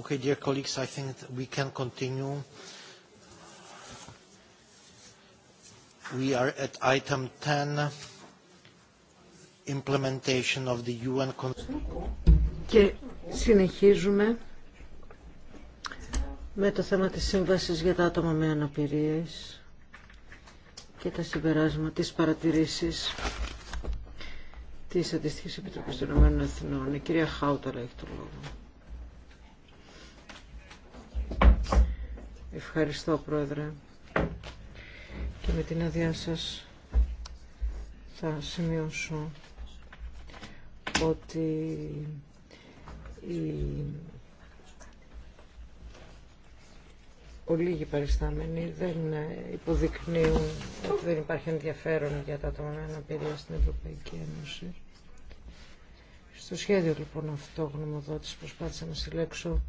Okay, dear colleagues, I think we can continue. We are at item 10, implementation of the UN Και συνεχίζουμε με το θέμα της σύμβασης για τα άτομα με αναπηρίες και τα συμπεράσματα της παρατηρήσεις της Αντίστοιχης Επιτροπής των Ηνωμένων Εθνών. Η κυρία Χάουταλα έχει το λόγο. Ευχαριστώ, Πρόεδρε. Και με την άδειά σας θα σημειώσω ότι η ολίγοι παριστάμενοι δεν υποδεικνύουν ότι δεν υπάρχει ενδιαφέρον για τα άτομα αναπηρία στην Ευρωπαϊκή Ένωση. Στο σχέδιο λοιπόν αυτό γνωμοδότης προσπάθησα να συλλέξω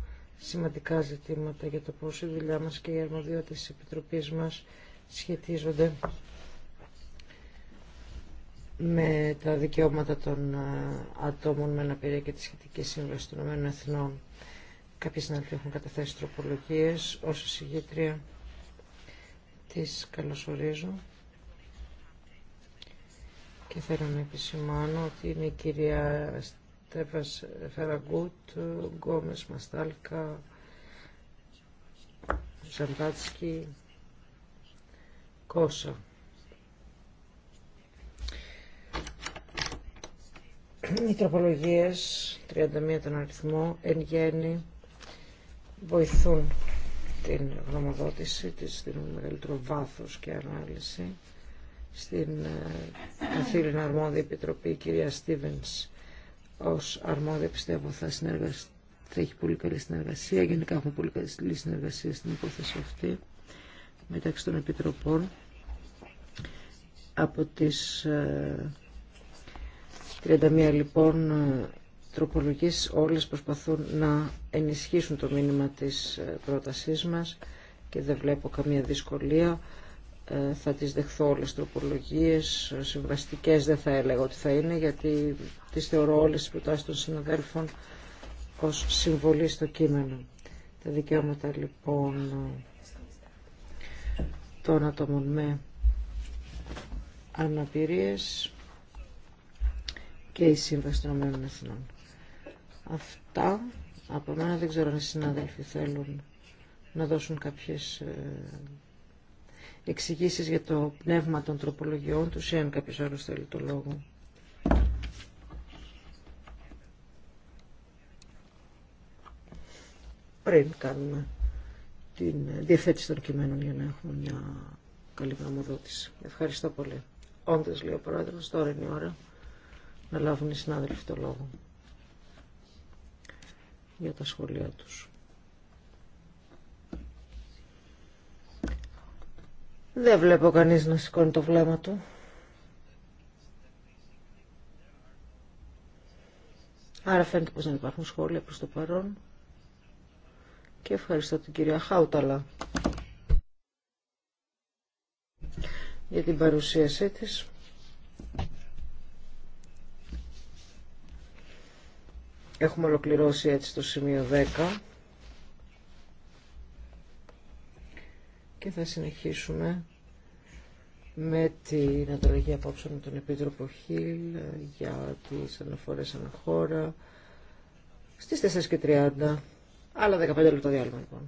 σημαντικά ζητήματα για το πώς η δουλειά μας και οι αρμοδιότητες της Επιτροπής μας σχετίζονται με τα δικαιώματα των ε, ατόμων με αναπηρία και τη σχετική σύμβαση των ΗΕ. Εθνών. Κάποιοι συνάντητε έχουν καταθέσει τροπολογίες. Ως συγγήτρια τι καλωσορίζω και θέλω να επισημάνω ότι είναι η κυρία Τέβας Φεραγκούτ, Γκόμες Μαστάλκα, Ζαμπάτσκι, Κόσα. Οι τροπολογίες, 31 τον αριθμό, εν γέννη, βοηθούν την γνωμοδότηση, της δίνουν μεγαλύτερο βάθος και ανάλυση. Στην ε, Αθήλυνα αρμόδια επιτροπή, κυρία Στίβενς ως αρμόδια πιστεύω θα συνεργαστεί θα έχει πολύ καλή συνεργασία. Γενικά έχουμε πολύ καλή συνεργασία στην υπόθεση αυτή μεταξύ των επιτροπών. Από τις 31 ε, λοιπόν ε, τροπολογίες όλες προσπαθούν να ενισχύσουν το μήνυμα της ε, πρότασής μας και δεν βλέπω καμία δυσκολία. Ε, θα τις δεχθώ όλες τροπολογίες, συμβαστικές δεν θα έλεγα ότι θα είναι, γιατί τις θεωρώ όλες τις προτάσεις των συναδέλφων ως συμβολή στο κείμενο. Τα δικαιώματα λοιπόν των ατόμων με αναπηρίες και η Σύμβαση των Εθνών. Αυτά από μένα δεν ξέρω αν οι συνάδελφοι θέλουν να δώσουν κάποιες ε, Εξηγήσει για το πνεύμα των τροπολογιών του εάν κάποιο άλλο θέλει το λόγο. Πριν κάνουμε την διαθέτηση των κειμένων για να έχουμε μια καλή γνωμοδότηση. Ευχαριστώ πολύ. Όντως, λέει ο Πρόεδρος, τώρα είναι η ώρα να λάβουν οι συνάδελφοι το λόγο για τα σχόλιά τους. Δεν βλέπω κανείς να σηκώνει το βλέμμα του. Άρα φαίνεται πως δεν υπάρχουν σχόλια προς το παρόν. Και ευχαριστώ την κυρία Χάουταλα για την παρουσίασή της. Έχουμε ολοκληρώσει έτσι το σημείο 10. και θα συνεχίσουμε με την ανταλλαγή απόψε με τον Επίτροπο Χίλ για τις αναφορές αναχώρα στις 4.30 άλλα 15 λεπτά διάλειμμα λοιπόν.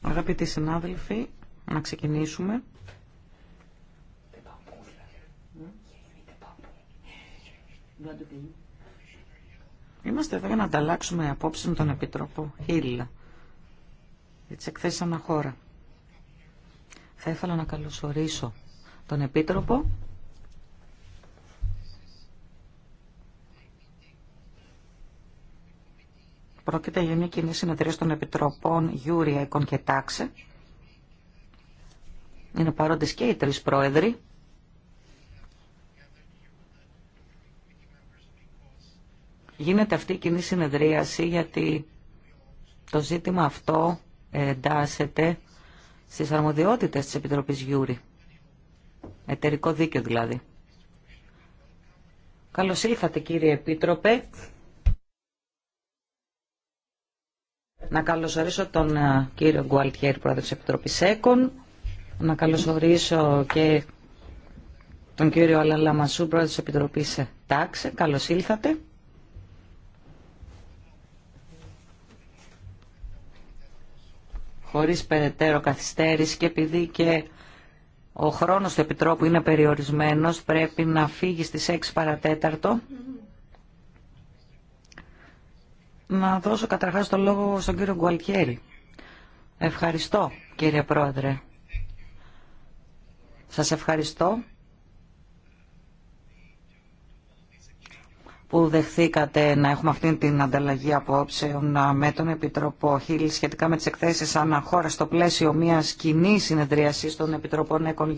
Αγαπητοί συνάδελφοι, να ξεκινήσουμε. Είμαστε εδώ για να ανταλλάξουμε απόψεις με τον Επίτροπο Χίλ για τι εκθέσεις αναχώρα. Θα ήθελα να καλωσορίσω τον Επίτροπο Πρόκειται για μια κοινή συνεδρία των Επιτροπών Γιούρια, Εκον και Τάξε. Είναι παρόντες και οι τρεις πρόεδροι. Γίνεται αυτή η κοινή συνεδρίαση γιατί το ζήτημα αυτό εντάσσεται στις αρμοδιότητες της Επιτροπής Γιούρη. Εταιρικό δίκαιο δηλαδή. Καλώς ήλθατε κύριε Επίτροπε. Να καλωσορίσω τον ε, κύριο Γκουαλτιέρη, πρόεδρο τη Επιτροπή ΕΚΟΝ. Να καλωσορίσω και τον κύριο Αλαλαμασού, πρόεδρο τη Επιτροπή ε, ΤΑΞΕ. Καλώ ήλθατε. Χωρίς περαιτέρω καθυστέρηση και επειδή και ο χρόνος του Επιτρόπου είναι περιορισμένος, πρέπει να φύγει στις 6 παρατέταρτο. Να δώσω καταρχάς το λόγο στον κύριο Γκουαλτιέρη. Ευχαριστώ κύριε Πρόεδρε. Σας ευχαριστώ που δεχθήκατε να έχουμε αυτή την ανταλλαγή απόψεων με τον Επιτροπό Χίλ σχετικά με τις εκθέσεις αναχώρα στο πλαίσιο μιας κοινή συνεδρίασης των Επιτροπών Εκον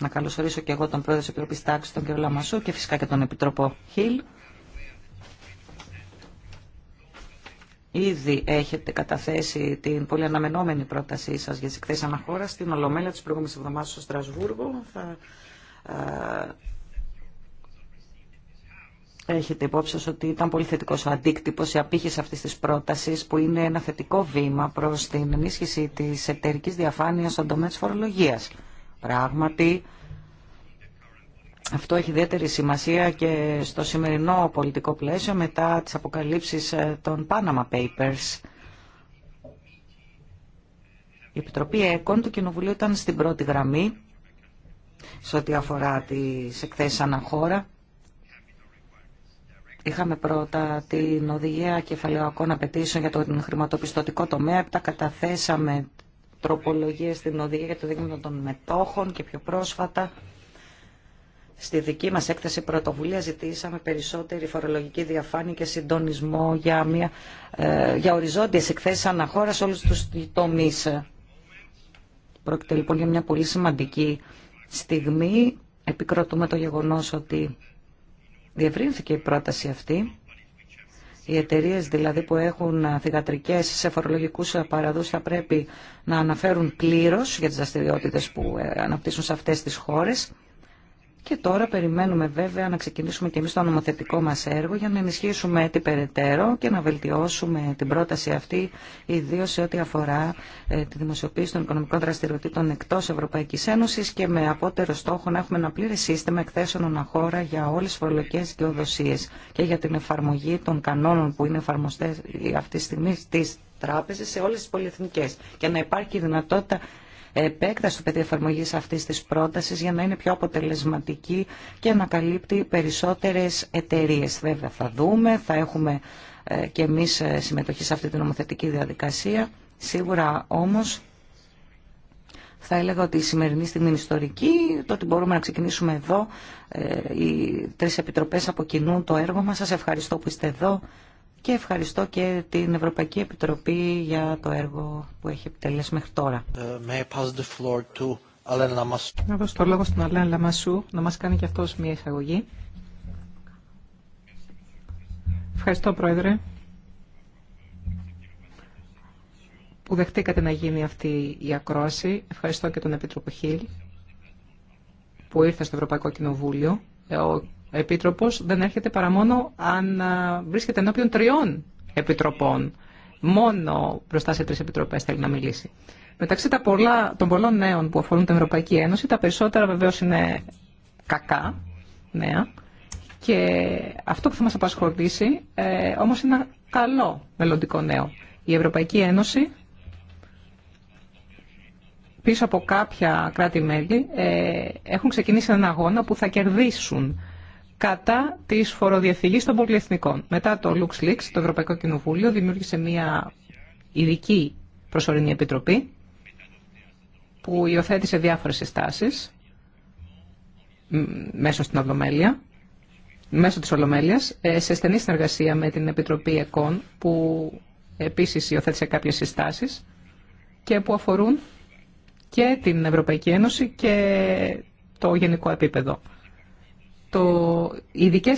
Να καλωσορίσω και εγώ τον πρόεδρο τη Επιτροπή Τάξη, τον κ. Λαμασού και φυσικά και τον Επιτρόπο Χιλ. Ήδη έχετε καταθέσει την πολύ αναμενόμενη πρότασή σα για τι εκθέσει αναχώρα στην Ολομέλεια τη προηγούμενη εβδομάδα στο Στρασβούργο. Θα, ε, έχετε υπόψη σας ότι ήταν πολύ θετικό ο αντίκτυπο η απήχηση αυτή τη πρόταση, που είναι ένα θετικό βήμα προ την ενίσχυση τη εταιρική διαφάνεια στον τομέα τη φορολογία. Πράγματι, αυτό έχει ιδιαίτερη σημασία και στο σημερινό πολιτικό πλαίσιο μετά τις αποκαλύψεις ε, των Panama Papers. Η Επιτροπή ΕΚΟΝ του Κοινοβουλίου ήταν στην πρώτη γραμμή σε ό,τι αφορά τις εκθέσεις αναχώρα. Είχαμε πρώτα την οδηγία κεφαλαιοακών απαιτήσεων για τον χρηματοπιστωτικό τομέα, τα καταθέσαμε τροπολογίες στην οδηγία για το δείγμα των μετόχων και πιο πρόσφατα στη δική μας έκθεση πρωτοβουλία ζητήσαμε περισσότερη φορολογική διαφάνεια και συντονισμό για, μια, ε, για οριζόντιες εκθέσεις αναχώρα σε όλους τους τομείς. Πρόκειται λοιπόν για μια πολύ σημαντική στιγμή. Επικροτούμε το γεγονός ότι διευρύνθηκε η πρόταση αυτή οι εταιρείε δηλαδή που έχουν θηγατρικέ σε φορολογικού παραδού θα πρέπει να αναφέρουν πλήρω για τι δραστηριότητε που ε, αναπτύσσουν σε αυτέ τι χώρε και τώρα περιμένουμε βέβαια να ξεκινήσουμε και εμείς το νομοθετικό μας έργο για να ενισχύσουμε την περαιτέρω και να βελτιώσουμε την πρόταση αυτή, ιδίως σε ό,τι αφορά ε, τη δημοσιοποίηση των οικονομικών δραστηριοτήτων εκτός Ευρωπαϊκής Ένωσης και με απότερο στόχο να έχουμε ένα πλήρες σύστημα εκθέσεων αναχώρα για όλες τις φορολογικές δικαιοδοσίες και για την εφαρμογή των κανόνων που είναι εφαρμοστές αυτή τη στιγμή στις τράπεζες σε όλες τις πολυεθνικές και να υπάρχει δυνατότητα επέκταση του πεδίου εφαρμογή αυτή τη πρόταση για να είναι πιο αποτελεσματική και να καλύπτει περισσότερε εταιρείε. Βέβαια, θα δούμε, θα έχουμε ε, και εμεί ε, συμμετοχή σε αυτή την νομοθετική διαδικασία. Σίγουρα όμω θα έλεγα ότι η σημερινή στιγμή είναι ιστορική, το ότι μπορούμε να ξεκινήσουμε εδώ. Ε, οι τρεις επιτροπές από το έργο μας. Σας ευχαριστώ που είστε εδώ και ευχαριστώ και την Ευρωπαϊκή Επιτροπή για το έργο που έχει επιτελέσει μέχρι τώρα. Ε, να δώσω το λόγο στον Αλέν Λαμασού να μας κάνει και αυτός μια εισαγωγή. Ευχαριστώ Πρόεδρε που δεχτήκατε να γίνει αυτή η ακρόαση. Ευχαριστώ και τον Επίτροπο Χίλ που ήρθε στο Ευρωπαϊκό Κοινοβούλιο. Ε, ο Επίτροπο δεν έρχεται παρά μόνο αν βρίσκεται ενώπιον τριών επιτροπών. Μόνο μπροστά σε τρει επιτροπέ θέλει να μιλήσει. Μεταξύ τα των πολλών νέων που αφορούν την Ευρωπαϊκή Ένωση, τα περισσότερα βεβαίω είναι κακά νέα. Και αυτό που θα μα απασχολήσει ε, όμως είναι ένα καλό μελλοντικό νέο. Η Ευρωπαϊκή Ένωση πίσω από κάποια κράτη-μέλη ε, έχουν ξεκινήσει έναν αγώνα που θα κερδίσουν κατά τη φοροδιαφυγή των πολυεθνικών. Μετά το LuxLeaks, το Ευρωπαϊκό Κοινοβούλιο δημιούργησε μια ειδική προσωρινή επιτροπή που υιοθέτησε διάφορες συστάσεις μέσω στην Ολομέλεια, μέσω της Ολομέλειας, ε, σε στενή συνεργασία με την Επιτροπή ΕΚΟΝ, που επίσης υιοθέτησε κάποιες συστάσεις και που αφορούν και την Ευρωπαϊκή Ένωση και το γενικό επίπεδο το, οι ειδικέ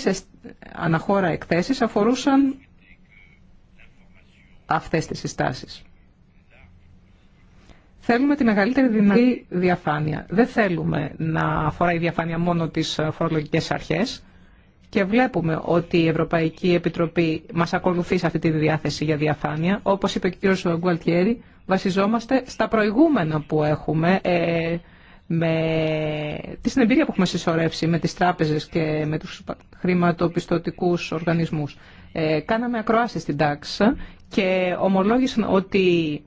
αναχώρα εκθέσεις αφορούσαν αυτές τις συστάσεις. Θέλουμε τη μεγαλύτερη δυνατή διαφάνεια. Δεν θέλουμε να αφορά η διαφάνεια μόνο τις φορολογικές αρχές και βλέπουμε ότι η Ευρωπαϊκή Επιτροπή μας ακολουθεί σε αυτή τη διάθεση για διαφάνεια. Όπως είπε ο κ. Γκουαλτιέρη, βασιζόμαστε στα προηγούμενα που έχουμε ε, με τη συνεμπειρία που έχουμε συσσωρεύσει με τις τράπεζες και με τους χρηματοπιστωτικούς οργανισμούς. Ε, κάναμε ακροάσεις στην τάξη και ομολόγησαν ότι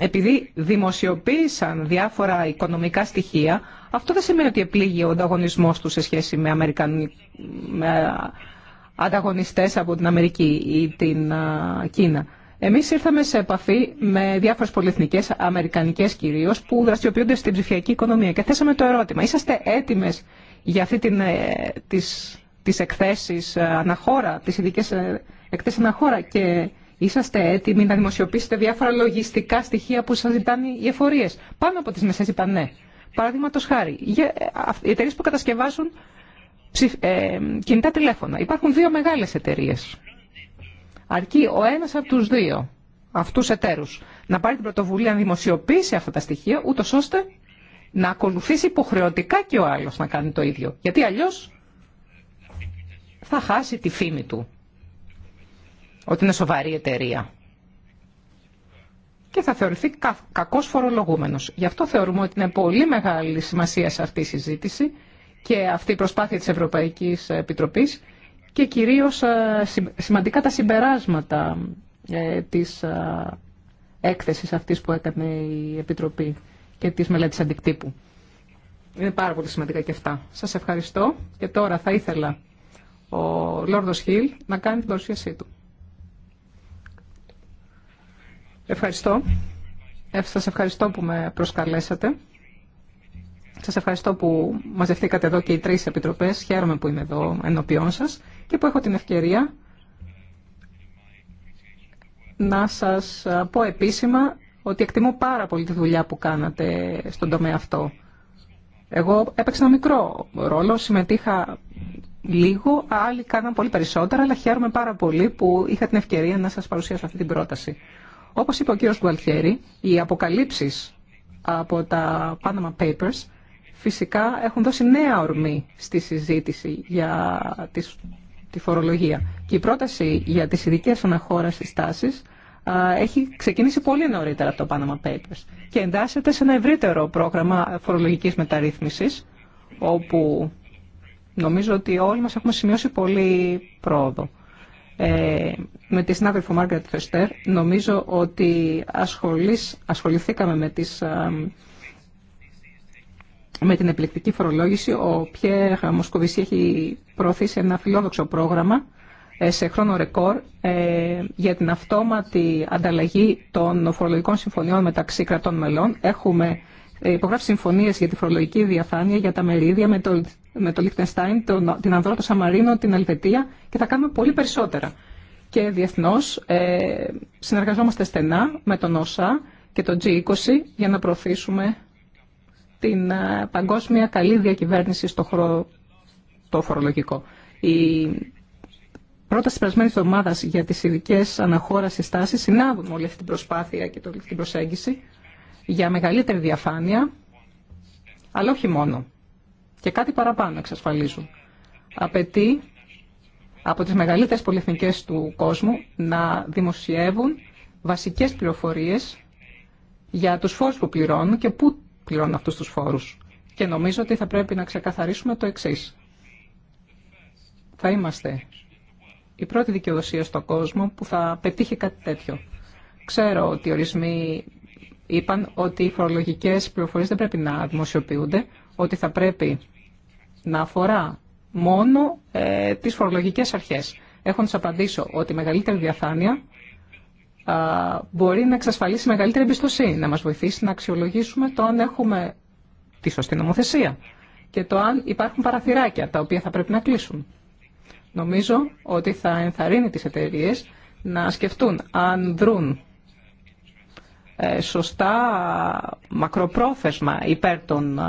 επειδή δημοσιοποίησαν διάφορα οικονομικά στοιχεία, αυτό δεν σημαίνει ότι επλήγει ο ανταγωνισμός του σε σχέση με, Αμερικαν... με ανταγωνιστές από την Αμερική ή την Κίνα. Εμείς ήρθαμε σε επαφή με διάφορες πολυεθνικές, αμερικανικές κυρίως, που δραστηριοποιούνται στην ψηφιακή οικονομία και θέσαμε το ερώτημα, είσαστε έτοιμες για αυτή την, ε, τις, τις εκθέσεις ε, αναχώρα, τις ειδικές ε, εκθέσεις αναχώρα και είσαστε έτοιμοι να δημοσιοποιήσετε διάφορα λογιστικά στοιχεία που σας ζητάνε οι εφορίες. Πάνω από τις μεσές είπαν ναι. Παραδείγματο χάρη, οι εταιρείε που κατασκευάζουν κινητά τηλέφωνα. Υπάρχουν δύο μεγάλες εταιρείε. Αρκεί ο ένας από τους δύο αυτού εταίρου να πάρει την πρωτοβουλία να δημοσιοποιήσει αυτά τα στοιχεία, ούτως ώστε να ακολουθήσει υποχρεωτικά και ο άλλος να κάνει το ίδιο. Γιατί αλλιώς θα χάσει τη φήμη του ότι είναι σοβαρή εταιρεία και θα θεωρηθεί κακός φορολογούμενος. Γι' αυτό θεωρούμε ότι είναι πολύ μεγάλη σημασία σε αυτή η συζήτηση και αυτή η προσπάθεια της Ευρωπαϊκής Επιτροπής και κυρίως ε, σημαντικά τα συμπεράσματα ε, της ε, έκθεσης αυτής που έκανε η Επιτροπή και της μελέτης αντικτύπου. Είναι πάρα πολύ σημαντικά και αυτά. Σας ευχαριστώ και τώρα θα ήθελα ο Λόρδος Χιλ να κάνει την παρουσίασή του. Ευχαριστώ. Σας ευχαριστώ που με προσκαλέσατε. Σας ευχαριστώ που μαζευτήκατε εδώ και οι τρεις επιτροπές. Χαίρομαι που είμαι εδώ ενώπιόν σας και που έχω την ευκαιρία να σας πω επίσημα ότι εκτιμώ πάρα πολύ τη δουλειά που κάνατε στον τομέα αυτό. Εγώ έπαιξα ένα μικρό ρόλο, συμμετείχα λίγο, άλλοι κάναν πολύ περισσότερα, αλλά χαίρομαι πάρα πολύ που είχα την ευκαιρία να σας παρουσιάσω αυτή την πρόταση. Όπως είπε ο κύριος Γκουαλτιέρη, οι αποκαλύψεις από τα Panama Papers φυσικά έχουν δώσει νέα ορμή στη συζήτηση για τις τη φορολογία. Και η πρόταση για τις ειδικές της τάσης έχει ξεκινήσει πολύ νωρίτερα από το Panama Papers και εντάσσεται σε ένα ευρύτερο πρόγραμμα φορολογικής μεταρρύθμισης όπου νομίζω ότι όλοι μας έχουμε σημειώσει πολύ πρόοδο. Ε, με τη συνάδελφο Μάρκετ Φεστέρ νομίζω ότι ασχοληθήκαμε με τις με την επιλεκτική φορολόγηση. Ο Πιέρ Μοσκοβισή έχει προωθήσει ένα φιλόδοξο πρόγραμμα ε, σε χρόνο ρεκόρ ε, για την αυτόματη ανταλλαγή των φορολογικών συμφωνιών μεταξύ κρατών μελών. Έχουμε ε, υπογράψει συμφωνίες για τη φορολογική διαφάνεια, για τα μερίδια με το, με το Λιχτενστάιν, την Ανδρό, Σαμαρίνο, την Ελβετία και θα κάνουμε πολύ περισσότερα. Και διεθνώς συνεργαζόμαστε στενά με τον ΩΣΑ και τον G20 για να προωθήσουμε την ε, παγκόσμια καλή διακυβέρνηση στο χώρο το φορολογικό. Η πρόταση περασμένη εβδομάδα για τις ειδικέ αναχώρασει τάσει συνάδουν όλη αυτή την προσπάθεια και όλη αυτή την προσέγγιση για μεγαλύτερη διαφάνεια, αλλά όχι μόνο. Και κάτι παραπάνω εξασφαλίζουν. Απαιτεί από τις μεγαλύτερες πολυεθνικές του κόσμου να δημοσιεύουν βασικές πληροφορίες για τους φόρους που πληρώνουν και πού πληρώνουν αυτούς τους φόρους. Και νομίζω ότι θα πρέπει να ξεκαθαρίσουμε το εξή. Θα είμαστε η πρώτη δικαιοδοσία στον κόσμο που θα πετύχει κάτι τέτοιο. Ξέρω ότι ορισμοί είπαν ότι οι φορολογικές πληροφορίες δεν πρέπει να δημοσιοποιούνται, ότι θα πρέπει να αφορά μόνο ε, τις φορολογικές αρχές. Έχω να σας απαντήσω ότι η μεγαλύτερη διαφάνεια μπορεί να εξασφαλίσει μεγαλύτερη εμπιστοσύνη, να μας βοηθήσει να αξιολογήσουμε το αν έχουμε τη σωστή νομοθεσία και το αν υπάρχουν παραθυράκια τα οποία θα πρέπει να κλείσουν. Νομίζω ότι θα ενθαρρύνει τις εταιρείε να σκεφτούν αν δρούν ε, σωστά μακροπρόθεσμα υπέρ των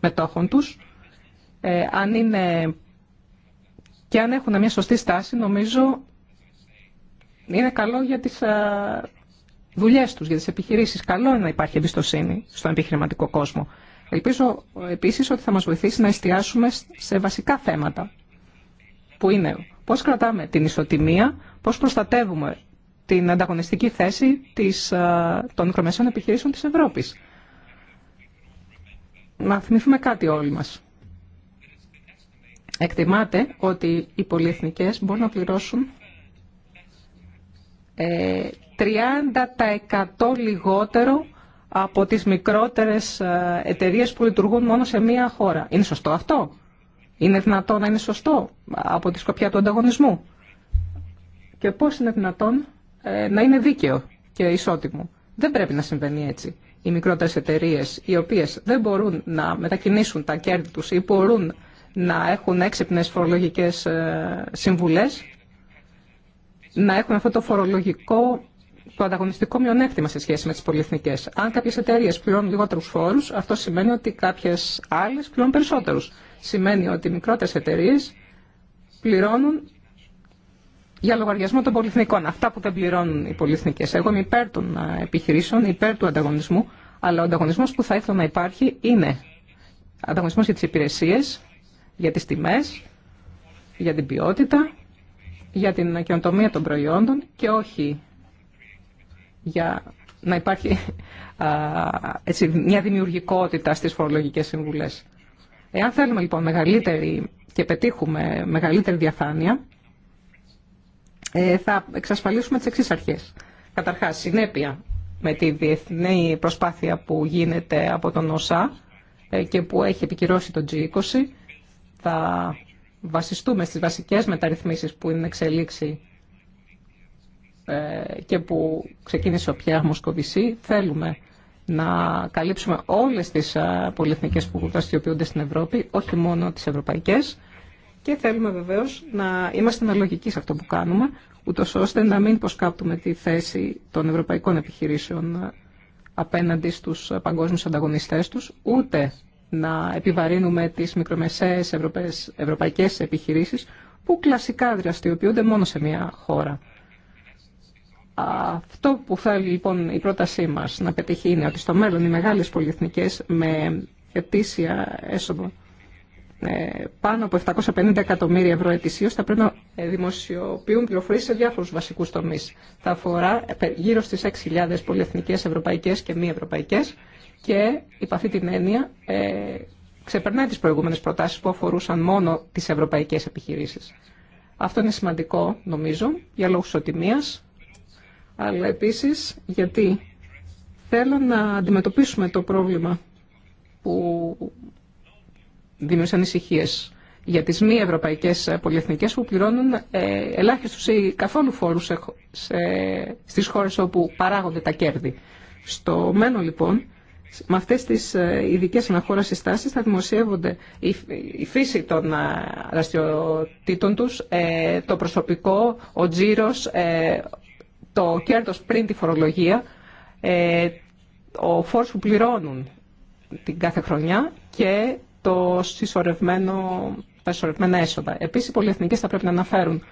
μετόχων τους, ε, αν είναι και αν έχουν μια σωστή στάση, νομίζω είναι καλό για τις ε, δουλειές τους, για τις επιχειρήσεις. Καλό είναι να υπάρχει εμπιστοσύνη στον επιχειρηματικό κόσμο. Ελπίζω ε, επίσης ότι θα μας βοηθήσει να εστιάσουμε σε βασικά θέματα που είναι πώς κρατάμε την ισοτιμία, πώς προστατεύουμε την ανταγωνιστική θέση της, ε, των μικρομεσαίων επιχειρήσεων της Ευρώπης. Να θυμηθούμε κάτι όλοι μας. Εκτιμάται ότι οι πολυεθνικές μπορούν να πληρώσουν 30% ε, λιγότερο από τις μικρότερες ε, εταιρείες που λειτουργούν μόνο σε μία χώρα. Είναι σωστό αυτό. Είναι δυνατό να είναι σωστό από τη σκοπιά του ανταγωνισμού. Και πώς είναι δυνατόν ε, να είναι δίκαιο και ισότιμο. Δεν πρέπει να συμβαίνει έτσι. Οι μικρότερες εταιρείε, οι οποίες δεν μπορούν να μετακινήσουν τα κέρδη τους ή μπορούν να έχουν έξυπνες φορολογικές συμβουλές να έχουν αυτό το φορολογικό το ανταγωνιστικό μειονέκτημα σε σχέση με τι πολυεθνικέ. Αν κάποιε εταιρείε πληρώνουν λιγότερου φόρου, αυτό σημαίνει ότι κάποιε άλλε πληρώνουν περισσότερου. Σημαίνει ότι οι μικρότερε εταιρείε πληρώνουν για λογαριασμό των πολυεθνικών. Αυτά που δεν πληρώνουν οι πολυεθνικέ. Εγώ είμαι υπέρ των επιχειρήσεων, υπέρ του ανταγωνισμού, αλλά ο ανταγωνισμό που θα ήθελα να υπάρχει είναι ανταγωνισμό για τι υπηρεσίε, για τι τιμέ, για την ποιότητα, για την καινοτομία των προϊόντων και όχι για να υπάρχει έτσι, μια δημιουργικότητα στις φορολογικές συμβουλές. Εάν θέλουμε λοιπόν μεγαλύτερη και πετύχουμε μεγαλύτερη διαφάνεια, ε, θα εξασφαλίσουμε τις εξής αρχές. Καταρχάς, συνέπεια με τη διεθνή προσπάθεια που γίνεται από τον ΩΣΑ ε, και που έχει επικυρώσει τον G20, θα βασιστούμε στις βασικές μεταρρυθμίσεις που είναι εξελίξη ε, και που ξεκίνησε ο Πιέρα Μοσκοβισή, θέλουμε να καλύψουμε όλες τις ε, πολυεθνικές που δραστηριοποιούνται στην Ευρώπη, όχι μόνο τις ευρωπαϊκές, και θέλουμε βεβαίως να είμαστε αναλογικοί σε αυτό που κάνουμε, ούτως ώστε να μην υποσκάπτουμε τη θέση των ευρωπαϊκών επιχειρήσεων ε, απέναντι στους παγκόσμιους ανταγωνιστές τους, ούτε να επιβαρύνουμε τις μικρομεσαίες ευρωπαϊκές, ευρωπαϊκές επιχειρήσεις που κλασικά δραστηριοποιούνται μόνο σε μια χώρα. Αυτό που θέλει λοιπόν η πρότασή μας να πετύχει είναι ότι στο μέλλον οι μεγάλες πολυεθνικές με ετήσια έσοδο ε, πάνω από 750 εκατομμύρια ευρώ ετησίω θα πρέπει να ε, δημοσιοποιούν πληροφορίε σε διάφορου βασικού τομεί. Θα αφορά ε, γύρω στι 6.000 πολυεθνικέ, ευρωπαϊκέ και μη ευρωπαϊκέ και υπ' αυτή την έννοια ε, ξεπερνάει τις προηγούμενες προτάσεις που αφορούσαν μόνο τις ευρωπαϊκές επιχειρήσεις. Αυτό είναι σημαντικό, νομίζω, για λόγους ισοτιμίας, αλλά επίσης γιατί θέλω να αντιμετωπίσουμε το πρόβλημα που δημιούργησαν ανησυχίε για τις μη ευρωπαϊκές πολυεθνικές που πληρώνουν ε, ελάχιστους ή καθόλου φόρου σε, χώρε στις χώρες όπου παράγονται τα κέρδη. Στο μέλλον λοιπόν με αυτές τις ε, ειδικέ αναχώρασεις τάσεις θα δημοσιεύονται η φύση των ε, δραστηριοτήτων τους, ε, το προσωπικό, ο τζίρος, το κέρδος πριν τη φορολογία, ο φόρος που πληρώνουν την κάθε χρονιά και το συσσωρευμένο, τα συσσωρευμένα έσοδα. Επίσης, οι πολυεθνικές θα πρέπει να αναφέρουν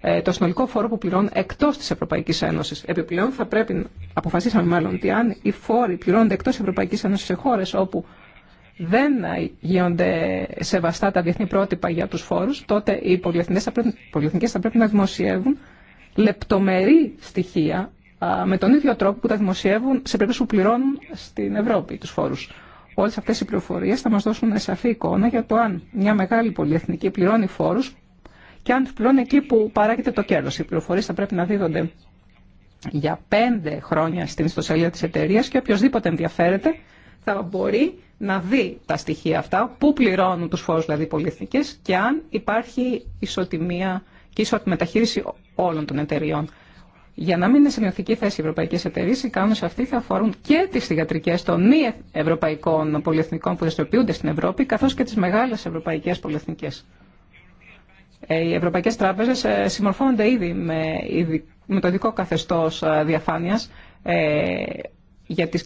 ε, το συνολικό φόρο που πληρώνουν εκτό τη Ευρωπαϊκή Ένωση. Επιπλέον, θα πρέπει, αποφασίσαμε μάλλον, ότι αν οι φόροι πληρώνονται εκτό Ευρωπαϊκή Ένωση σε χώρε όπου δεν γίνονται σεβαστά τα διεθνή πρότυπα για του φόρου, τότε οι πολυεθνικέ θα, πρέπει, θα πρέπει να δημοσιεύουν λεπτομερή στοιχεία με τον ίδιο τρόπο που τα δημοσιεύουν σε περίπτωση που πληρώνουν στην Ευρώπη του φόρου. Όλε αυτέ οι πληροφορίε θα μα δώσουν σαφή εικόνα για το αν μια μεγάλη πολυεθνική πληρώνει φόρου και αν πληρώνει εκεί που παράγεται το κέρδο, Οι πληροφορίε θα πρέπει να δίδονται για πέντε χρόνια στην ιστοσελίδα τη εταιρεία και οποιοδήποτε ενδιαφέρεται θα μπορεί να δει τα στοιχεία αυτά, πού πληρώνουν του φόρου δηλαδή πολυεθνικές και αν υπάρχει ισοτιμία και ισότιμη μεταχείριση όλων των εταιριών. Για να μην είναι σε μειωθική θέση οι ευρωπαϊκέ εταιρείε, οι κανόνε αυτοί θα αφορούν και τι θηγατρικέ των μη ευρωπαϊκών πολυεθνικών που δραστηριοποιούνται στην Ευρώπη, καθώ και τι μεγάλε ευρωπαϊκέ πολυεθνικέ. Ε, οι ευρωπαϊκές τράπεζες ε, συμμορφώνονται ήδη με το ειδικό καθεστώς ε, διαφάνειας για τις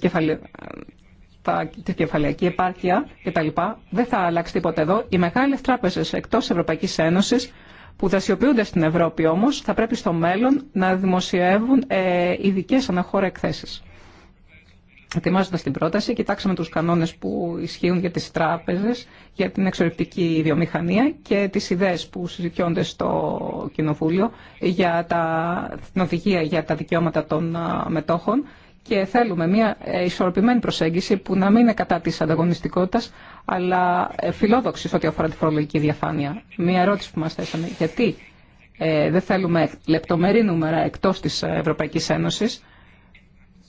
τη κεφαλαϊκή επάρκεια κτλ. Δεν θα αλλάξει τίποτα εδώ. Οι μεγάλες τράπεζες εκτός Ευρωπαϊκής Ένωσης που δρασιοποιούνται στην Ευρώπη όμως θα πρέπει στο μέλλον να δημοσιεύουν ειδικέ αναχώρα εκθέσεις. Ετοιμάζοντα την πρόταση, κοιτάξαμε του κανόνε που ισχύουν για τι τράπεζε, για την εξορρυπτική βιομηχανία και τι ιδέε που συζητιώνται στο Κοινοβούλιο για τα, την οδηγία για τα δικαιώματα των μετόχων και θέλουμε μια ε, ισορροπημένη προσέγγιση που να μην είναι κατά τη ανταγωνιστικότητα, αλλά ε, φιλόδοξη ό,τι αφορά τη φορολογική διαφάνεια. Μια ερώτηση που μα θέσαμε. Γιατί ε, δεν θέλουμε λεπτομερή νούμερα εκτό τη Ευρωπαϊκή Ένωση.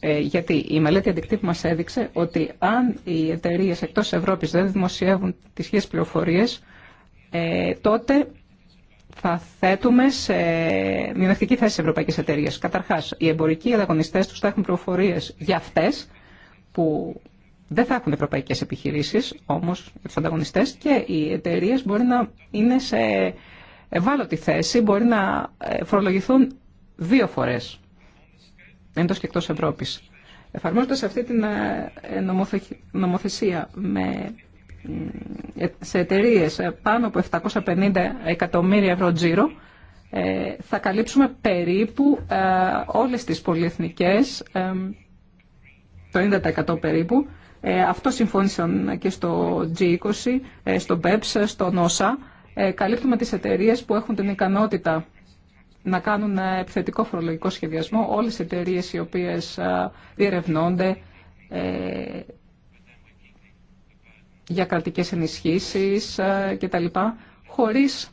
Ε, γιατί η μελέτη αντικτύπου μας έδειξε ότι αν οι εταιρείε εκτός Ευρώπης δεν δημοσιεύουν τις χίλιες πληροφορίες, ε, τότε θα θέτουμε σε μειονεκτική θέση τι ευρωπαϊκέ εταιρείε. Καταρχά, οι εμπορικοί ανταγωνιστέ του θα έχουν πληροφορίε για αυτέ που δεν θα έχουν ευρωπαϊκέ επιχειρήσει, όμω για του ανταγωνιστέ και οι εταιρείε μπορεί να είναι σε ευάλωτη θέση, μπορεί να ε, φορολογηθούν δύο φορές εντός και εκτός Ευρώπης. Εφαρμόζοντας αυτή την ε, ε, νομοθεσία με, ε, σε εταιρείε πάνω από 750 εκατομμύρια ευρώ τζίρο, θα καλύψουμε περίπου όλες τις πολυεθνικές, το 90% περίπου. Αυτό συμφώνησαν και στο G20, στο BEPS, στο NOSA. Καλύπτουμε τις εταιρείε που έχουν την ικανότητα να κάνουν επιθετικό φορολογικό σχεδιασμό όλες οι εταιρείες οι οποίες ε, διερευνώνται ε, για κρατικές ενισχύσεις ε, κτλ. χωρίς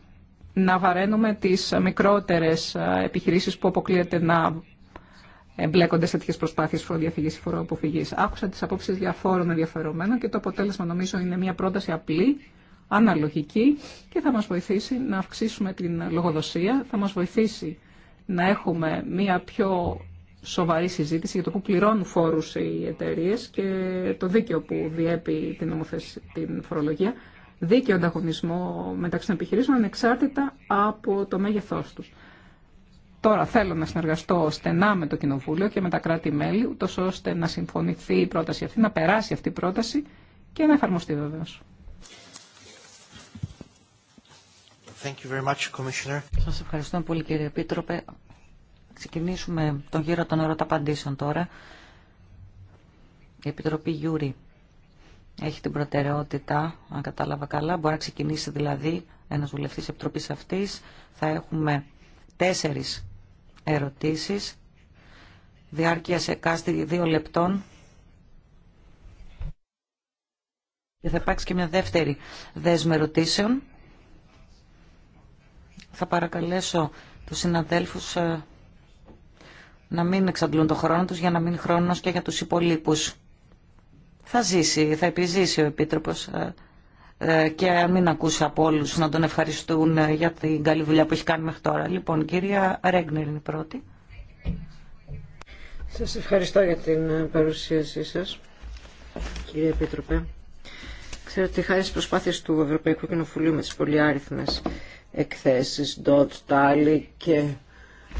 να βαραίνουμε τις μικρότερες επιχειρήσεις που αποκλείεται να εμπλέκονται σε τέτοιε προσπάθειε φοροδιαφυγή ή φοροαποφυγή. Άκουσα τι απόψει διαφόρων ενδιαφερομένων και το αποτέλεσμα νομίζω είναι μια πρόταση απλή αναλογική και θα μας βοηθήσει να αυξήσουμε την λογοδοσία, θα μας βοηθήσει να έχουμε μια πιο σοβαρή συζήτηση για το που πληρώνουν φόρους οι εταιρείε και το δίκαιο που διέπει την, νομοθεσία, την φορολογία, δίκαιο ανταγωνισμό μεταξύ των επιχειρήσεων ανεξάρτητα από το μέγεθός τους. Τώρα θέλω να συνεργαστώ στενά με το Κοινοβούλιο και με τα κράτη-μέλη, ώστε να συμφωνηθεί η πρόταση αυτή, να περάσει αυτή η πρόταση και να εφαρμοστεί βεβαίως. Thank you very much, Commissioner. Σας ευχαριστώ πολύ κύριε Επίτροπε. Ξεκινήσουμε τον γύρο των ερωταπαντήσεων τώρα. Η Επιτροπή Γιούρη έχει την προτεραιότητα, αν κατάλαβα καλά, μπορεί να ξεκινήσει δηλαδή ένας βουλευτής επιτροπής αυτής. Θα έχουμε τέσσερις ερωτήσεις, διάρκεια σε κάστη δύο λεπτών. Και θα υπάρξει και μια δεύτερη δέσμη ερωτήσεων θα παρακαλέσω τους συναδέλφους ε, να μην εξαντλούν το χρόνο τους για να μην χρόνος και για τους υπολείπους. Θα ζήσει, θα επιζήσει ο Επίτροπος ε, ε, και μην ακούσει από όλους να τον ευχαριστούν για την καλή δουλειά που έχει κάνει μέχρι τώρα. Λοιπόν, κυρία Ρέγνερ είναι η πρώτη. Σας ευχαριστώ για την παρουσίασή σας, κύριε Επίτροπε. Ξέρω ότι χάρη στις προσπάθειες του Ευρωπαϊκού Κοινοβουλίου με τις πολυάριθμες εκθέσεις, Dot, Tally και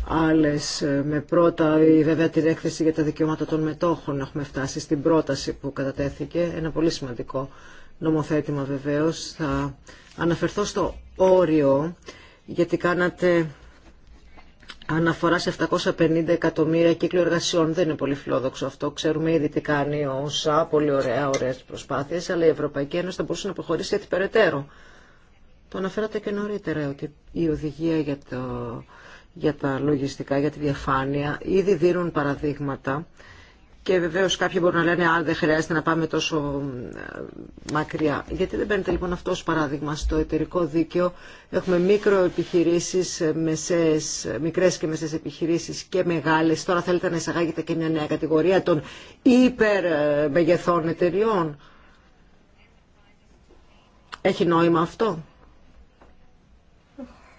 άλλες ε, με πρώτα βέβαια την έκθεση για τα δικαιώματα των μετόχων έχουμε φτάσει στην πρόταση που κατατέθηκε ένα πολύ σημαντικό νομοθέτημα βεβαίως θα αναφερθώ στο όριο γιατί κάνατε αναφορά σε 750 εκατομμύρια κύκλο εργασιών δεν είναι πολύ φιλόδοξο αυτό ξέρουμε ήδη τι κάνει ο ΩΣΑ πολύ ωραία, ωραίες προσπάθειες αλλά η Ευρωπαϊκή Ένωση θα μπορούσε να προχωρήσει έτσι περαιτέρω το αναφέρατε και νωρίτερα ότι η οδηγία για, το, για τα λογιστικά, για τη διαφάνεια ήδη δίνουν παραδείγματα και βεβαίως κάποιοι μπορούν να λένε αν δεν χρειάζεται να πάμε τόσο ε, μακριά. Γιατί δεν παίρνετε λοιπόν αυτό ως παράδειγμα στο εταιρικό δίκαιο. Έχουμε μικροεπιχειρήσεις, ε, μεσές, ε, μικρές και μεσές επιχειρήσεις και μεγάλες. Τώρα θέλετε να εισαγάγετε και μια νέα κατηγορία των υπερμεγεθών εταιριών. Έχει νόημα αυτό.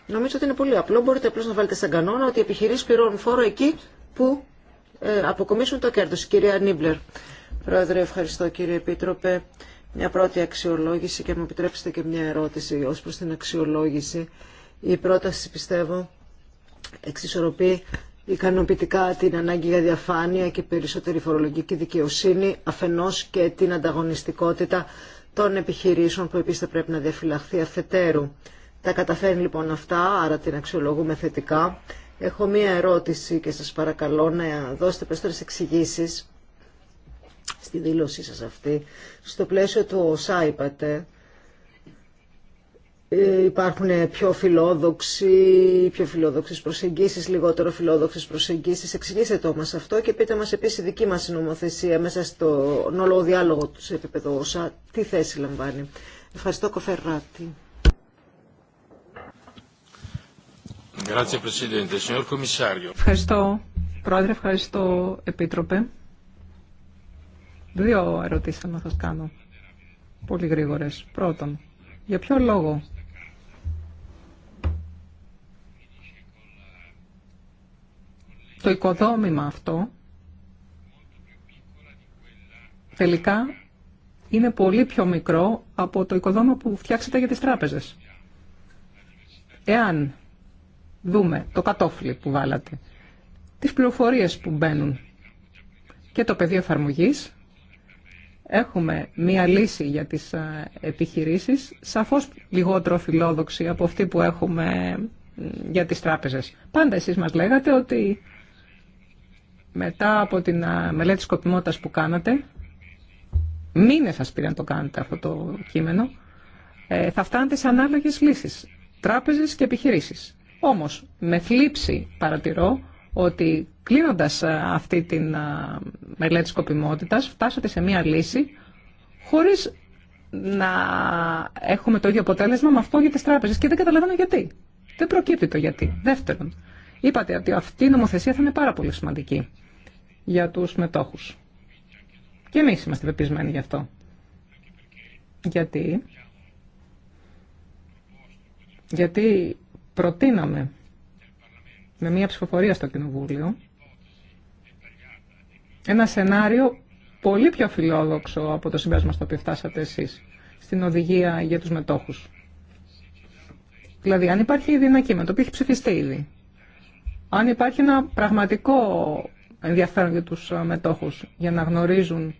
Νομίζω ότι είναι πολύ απλό. Μπορείτε απλώ να βάλετε σαν κανόνα ότι οι επιχειρήσει πληρώνουν φόρο εκεί που ε, αποκομίσουν το κέρδο. Κυρία Νίμπλερ. Πρόεδρε, ευχαριστώ κύριε Επίτροπε. Μια πρώτη αξιολόγηση και μου επιτρέψετε και μια ερώτηση ω προ την αξιολόγηση. Η πρόταση πιστεύω εξισορροπεί ικανοποιητικά την ανάγκη για διαφάνεια και περισσότερη φορολογική δικαιοσύνη αφενός και την ανταγωνιστικότητα των επιχειρήσεων που επίση θα πρέπει να διαφυλαχθεί αφετέρου. Τα καταφέρνει λοιπόν αυτά, άρα την αξιολογούμε θετικά. Έχω μία ερώτηση και σας παρακαλώ να δώσετε περισσότερες εξηγήσει στη δήλωσή σας αυτή. Στο πλαίσιο του ΣΑΙΠΑΤΕ είπατε, ε, υπάρχουν πιο φιλόδοξοι, πιο φιλόδοξες προσεγγίσεις, λιγότερο φιλόδοξες προσεγγίσεις. Εξηγήστε το μας αυτό και πείτε μας επίσης η δική μας νομοθεσία μέσα στον όλο διάλογο του σε επίπεδο τι θέση λαμβάνει. Ευχαριστώ Κοφεράτη. Ευχαριστώ, Πρόεδρε, ευχαριστώ, Επίτροπε. Δύο ερωτήσεις να σα κάνω, πολύ γρήγορες. Πρώτον, για ποιο λόγο το οικοδόμημα αυτό τελικά είναι πολύ πιο μικρό από το οικοδόμημα που φτιάξετε για τις τράπεζες. Εάν δούμε το κατόφλι που βάλατε, τις πληροφορίες που μπαίνουν και το πεδίο εφαρμογή. Έχουμε μία λύση για τις ε, επιχειρήσεις, σαφώς λιγότερο φιλόδοξη από αυτή που έχουμε για τις τράπεζες. Πάντα εσείς μας λέγατε ότι μετά από την ε, μελέτη σκοπιμότητας που κάνατε, μήνες σας πήραν το κάνετε αυτό το κείμενο, ε, θα φτάνετε σε ανάλογες λύσεις, τράπεζες και επιχειρήσεις. Όμως με θλίψη παρατηρώ ότι κλείνοντας ε, αυτή τη ε, μελέτη σκοπιμότητας φτάσατε σε μία λύση χωρίς να έχουμε το ίδιο αποτέλεσμα με αυτό για τις τράπεζες και δεν καταλαβαίνω γιατί. Δεν προκύπτει το γιατί. Δεύτερον, είπατε ότι αυτή η νομοθεσία θα είναι πάρα πολύ σημαντική για τους μετόχους. Και εμείς είμαστε πεπισμένοι γι' αυτό. Γιατί... Γιατί προτείναμε με μία ψηφοφορία στο Κοινοβούλιο ένα σενάριο πολύ πιο φιλόδοξο από το συμπέρασμα στο οποίο φτάσατε εσείς στην οδηγία για τους μετόχους. Δηλαδή, αν υπάρχει ήδη ένα κείμενο, το οποίο έχει ψηφιστεί ήδη, αν υπάρχει ένα πραγματικό ενδιαφέρον για τους ε, μετόχους για να γνωρίζουν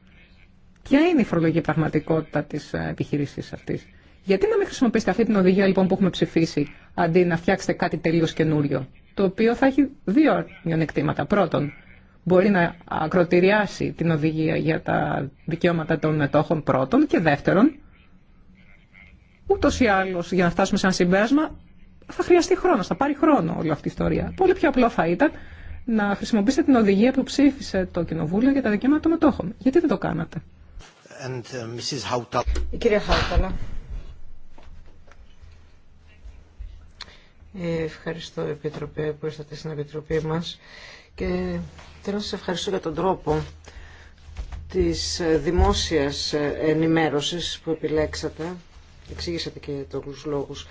ποια είναι η φορολογική πραγματικότητα της ε, επιχείρησης αυτής γιατί να μην χρησιμοποιήσετε αυτή την οδηγία λοιπόν που έχουμε ψηφίσει, αντί να φτιάξετε κάτι τελείω καινούριο, το οποίο θα έχει δύο μειονεκτήματα. Πρώτον, μπορεί να ακροτηριάσει την οδηγία για τα δικαιώματα των μετόχων πρώτον και δεύτερον, ούτως ή άλλως για να φτάσουμε σε ένα συμπέρασμα θα χρειαστεί χρόνο, θα πάρει χρόνο όλη αυτή η ιστορία. Πολύ πιο απλό θα ήταν να χρησιμοποιήσετε την οδηγία που ψήφισε το Κοινοβούλιο για τα δικαιώματα των μετόχων. Γιατί δεν το κάνατε. Uh, η κυρία Χάουταλα. Ευχαριστώ, Επίτροπε, που ήρθατε στην Επιτροπή μας και θέλω να σας ευχαριστώ για τον τρόπο της δημόσιας ενημέρωσης που επιλέξατε. Εξήγησατε και τους λόγους.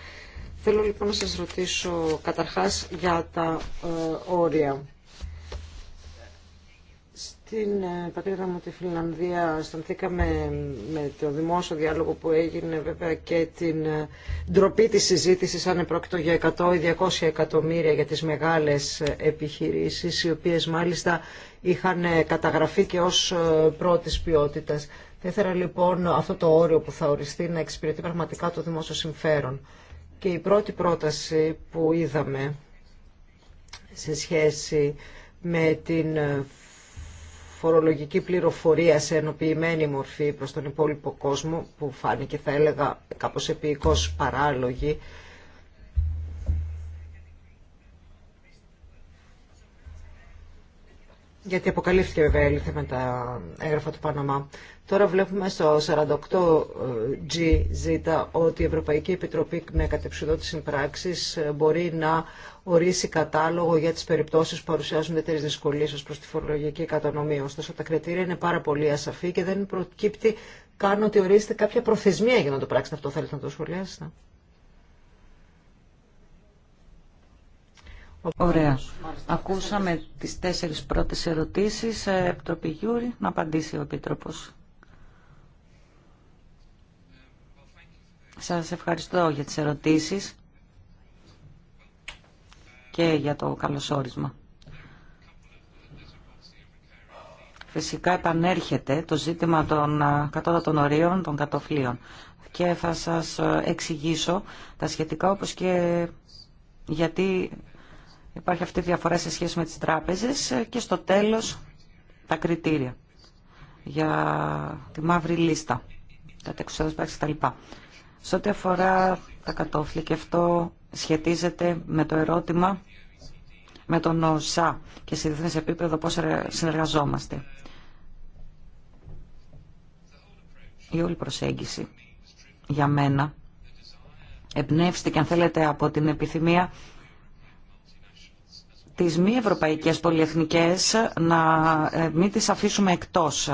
Θέλω λοιπόν να σας ρωτήσω καταρχάς για τα ε, όρια στην ε, πατρίδα μου τη Φιλανδία αισθανθήκαμε με το δημόσιο διάλογο που έγινε βέβαια και την ε, ντροπή της συζήτησης αν επρόκειτο για 100 ή 200 εκατομμύρια για τις μεγάλες ε, επιχειρήσεις οι οποίες μάλιστα είχαν καταγραφεί και ως πρώτης ποιότητας. Θα ήθελα λοιπόν αυτό το όριο που θα οριστεί να εξυπηρετεί πραγματικά το δημόσιο συμφέρον. Και η πρώτη πρόταση που είδαμε σε σχέση με την φορολογική πληροφορία σε ενοποιημένη μορφή προς τον υπόλοιπο κόσμο που φάνηκε θα έλεγα κάπως επίοικος παράλογη γιατί αποκαλύφθηκε βέβαια η με τα έγγραφα του Παναμά. Τώρα βλέπουμε στο 48GZ ε, ότι η Ευρωπαϊκή Επιτροπή με κατεψιδότηση πράξης ε, μπορεί να ορίσει κατάλογο για τις περιπτώσεις που παρουσιάζουν τέτοιες δυσκολίε ως προς τη φορολογική κατανομή. Ωστόσο τα κριτήρια είναι πάρα πολύ ασαφή και δεν προκύπτει καν ότι ορίζεται κάποια προθεσμία για να το πράξει. αυτό. Θέλετε να το σχολιάσετε. Ωραία. Ακούσαμε τις τέσσερις πρώτες ερωτήσεις. Ε, Επιτροπή Γιούρη, να απαντήσει ο Επίτροπος. Σας ευχαριστώ για τις ερωτήσεις και για το καλωσόρισμα. Φυσικά επανέρχεται το ζήτημα των ε, κατώτατων ορίων, των κατοφλίων. Και θα σας ε, εξηγήσω τα σχετικά όπως και γιατί Υπάρχει αυτή η διαφορά σε σχέση με τις τράπεζες και στο τέλος τα κριτήρια για τη μαύρη λίστα, τα τεξουσιάδες πράξεις κτλ. Σε ό,τι αφορά τα κατόφλια και αυτό σχετίζεται με το ερώτημα με τον ΩΣΑ και σε διεθνές επίπεδο πώς συνεργαζόμαστε. Η όλη προσέγγιση για μένα εμπνεύστηκε αν θέλετε από την επιθυμία τις μη ευρωπαϊκές πολυεθνικές να ε, μην τις αφήσουμε εκτός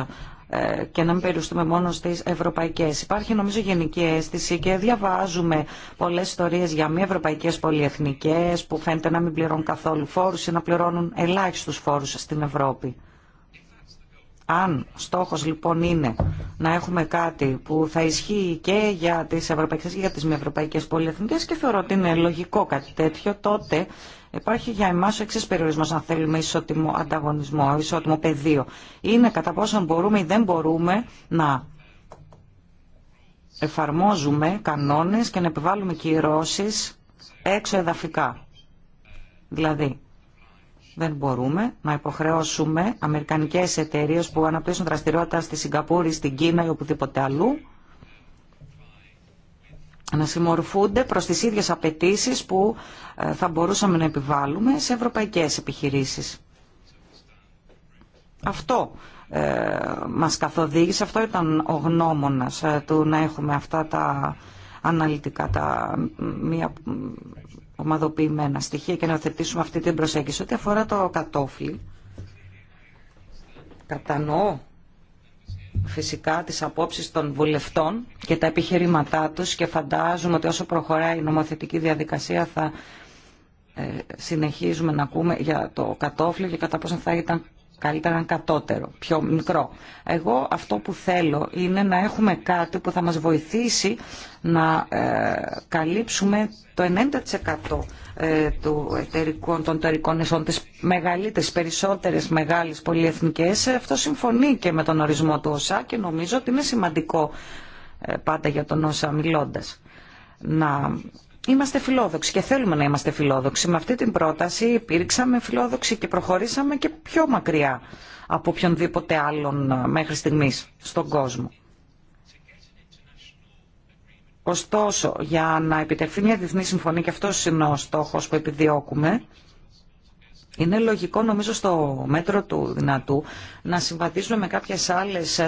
ε, και να μην περιουστούμε μόνο στι ευρωπαϊκέ. Υπάρχει νομίζω γενική αίσθηση και διαβάζουμε πολλέ ιστορίε για μη Ευρωπαϊκέ πολυεθνικές που φαίνεται να μην πληρώνουν καθόλου φόρου ή να πληρώνουν ελάχιστου φόρου στην Ευρώπη. Αν στόχος λοιπόν είναι να έχουμε κάτι που θα ισχύει και για τις ευρωπαϊκές και για τις μη ευρωπαϊκές πολυεθνικές και θεωρώ ότι είναι λογικό κάτι τέτοιο, τότε Υπάρχει για εμά ο εξή περιορισμό, αν θέλουμε ισότιμο ανταγωνισμό, ισότιμο πεδίο. Είναι κατά πόσον μπορούμε ή δεν μπορούμε να εφαρμόζουμε κανόνες και να επιβάλλουμε κυρώσεις έξω εδαφικά. Δηλαδή, δεν μπορούμε να υποχρεώσουμε αμερικανικές εταιρείες που αναπτύσσουν δραστηριότητα στη Σιγκαπούρη, στην Κίνα ή οπουδήποτε αλλού να συμμορφούνται προς τις ίδιες απαιτήσεις που ε, θα μπορούσαμε να επιβάλλουμε σε ευρωπαϊκές επιχειρήσεις. Αυτό ε, μας καθοδήγησε, αυτό ήταν ο γνώμονας ε, του να έχουμε αυτά τα αναλυτικά, τα μία ομαδοποιημένα στοιχεία και να θετήσουμε αυτή την προσέγγιση. Ό,τι αφορά το κατόφλι, κατανοώ φυσικά τις απόψεις των βουλευτών και τα επιχειρήματά τους και φαντάζομαι ότι όσο προχωράει η νομοθετική διαδικασία θα ε, συνεχίζουμε να ακούμε για το κατόφλιο και κατά πόσο θα ήταν Καλύτερα ένα κατώτερο, πιο μικρό. Εγώ αυτό που θέλω είναι να έχουμε κάτι που θα μας βοηθήσει να ε, καλύψουμε το 90% ε, του των εταιρικών εσών, τις μεγαλύτερες, περισσότερες μεγάλες πολυεθνικές. Ε, αυτό συμφωνεί και με τον ορισμό του ΩΣΑ και νομίζω ότι είναι σημαντικό πάντα για τον ΩΣΑ μιλώντας να Είμαστε φιλόδοξοι και θέλουμε να είμαστε φιλόδοξοι. Με αυτή την πρόταση υπήρξαμε φιλόδοξοι και προχωρήσαμε και πιο μακριά από οποιονδήποτε άλλον ε, μέχρι στιγμής στον κόσμο. Ωστόσο, για να επιτευχθεί μια διεθνή συμφωνία, και αυτό είναι ο στόχο που επιδιώκουμε, είναι λογικό νομίζω στο μέτρο του δυνατού να συμβατίζουμε με κάποιες άλλες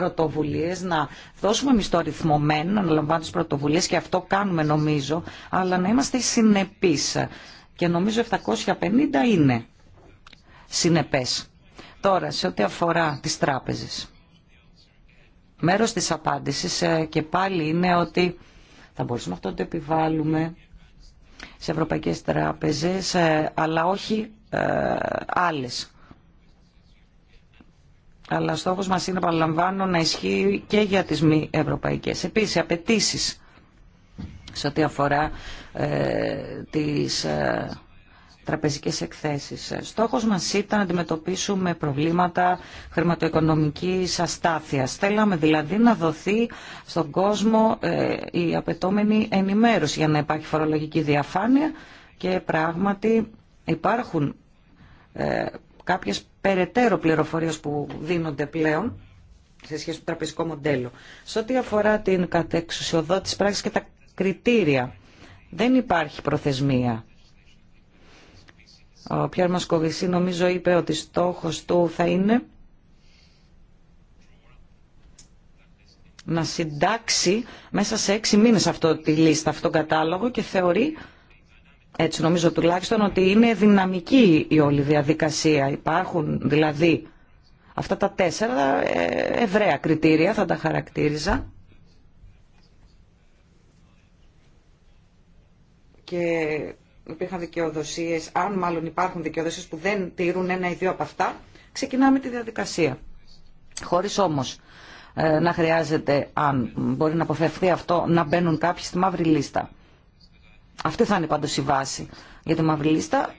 πρωτοβουλίε, να δώσουμε εμεί το να λαμβάνουμε τι πρωτοβουλίε και αυτό κάνουμε νομίζω, αλλά να είμαστε συνεπεί. Και νομίζω 750 είναι συνεπέ. Τώρα, σε ό,τι αφορά τι τράπεζε. Μέρος της απάντησης ε, και πάλι είναι ότι θα μπορούσαμε αυτό να το επιβάλλουμε σε ευρωπαϊκές τράπεζες, ε, αλλά όχι ε, άλλες αλλά στόχο στόχος μας είναι, παραλαμβάνω, να ισχύει και για τις μη ευρωπαϊκές. Επίσης, απαιτήσει σε ό,τι αφορά ε, τις ε, τραπεζικές εκθέσεις. Στόχος μας ήταν να αντιμετωπίσουμε προβλήματα χρηματοοικονομικής αστάθειας. Θέλαμε δηλαδή να δοθεί στον κόσμο ε, η απαιτόμενη ενημέρωση για να υπάρχει φορολογική διαφάνεια και πράγματι υπάρχουν ε, κάποιες περαιτέρω πληροφορίες που δίνονται πλέον σε σχέση με το τραπεζικό μοντέλο. Σε ό,τι αφορά την κατεξουσιοδότηση πράξη και τα κριτήρια, δεν υπάρχει προθεσμία. Ο Πιέρ Μασκοβισή νομίζω είπε ότι στόχος του θα είναι να συντάξει μέσα σε έξι μήνες αυτό τη λίστα, αυτόν τον κατάλογο και θεωρεί έτσι νομίζω τουλάχιστον ότι είναι δυναμική η όλη διαδικασία. Υπάρχουν δηλαδή αυτά τα τέσσερα ε, ευραία κριτήρια, θα τα χαρακτήριζα. Και υπήρχαν δικαιοδοσίε, αν μάλλον υπάρχουν δικαιοδοσίε που δεν τηρούν ένα ή δύο από αυτά, ξεκινάμε τη διαδικασία. Χωρί όμω ε, να χρειάζεται, αν μπορεί να αποφευθεί αυτό, να μπαίνουν κάποιοι στη μαύρη λίστα. Αυτή θα είναι πάντως η βάση για τη μαύρη λίστα.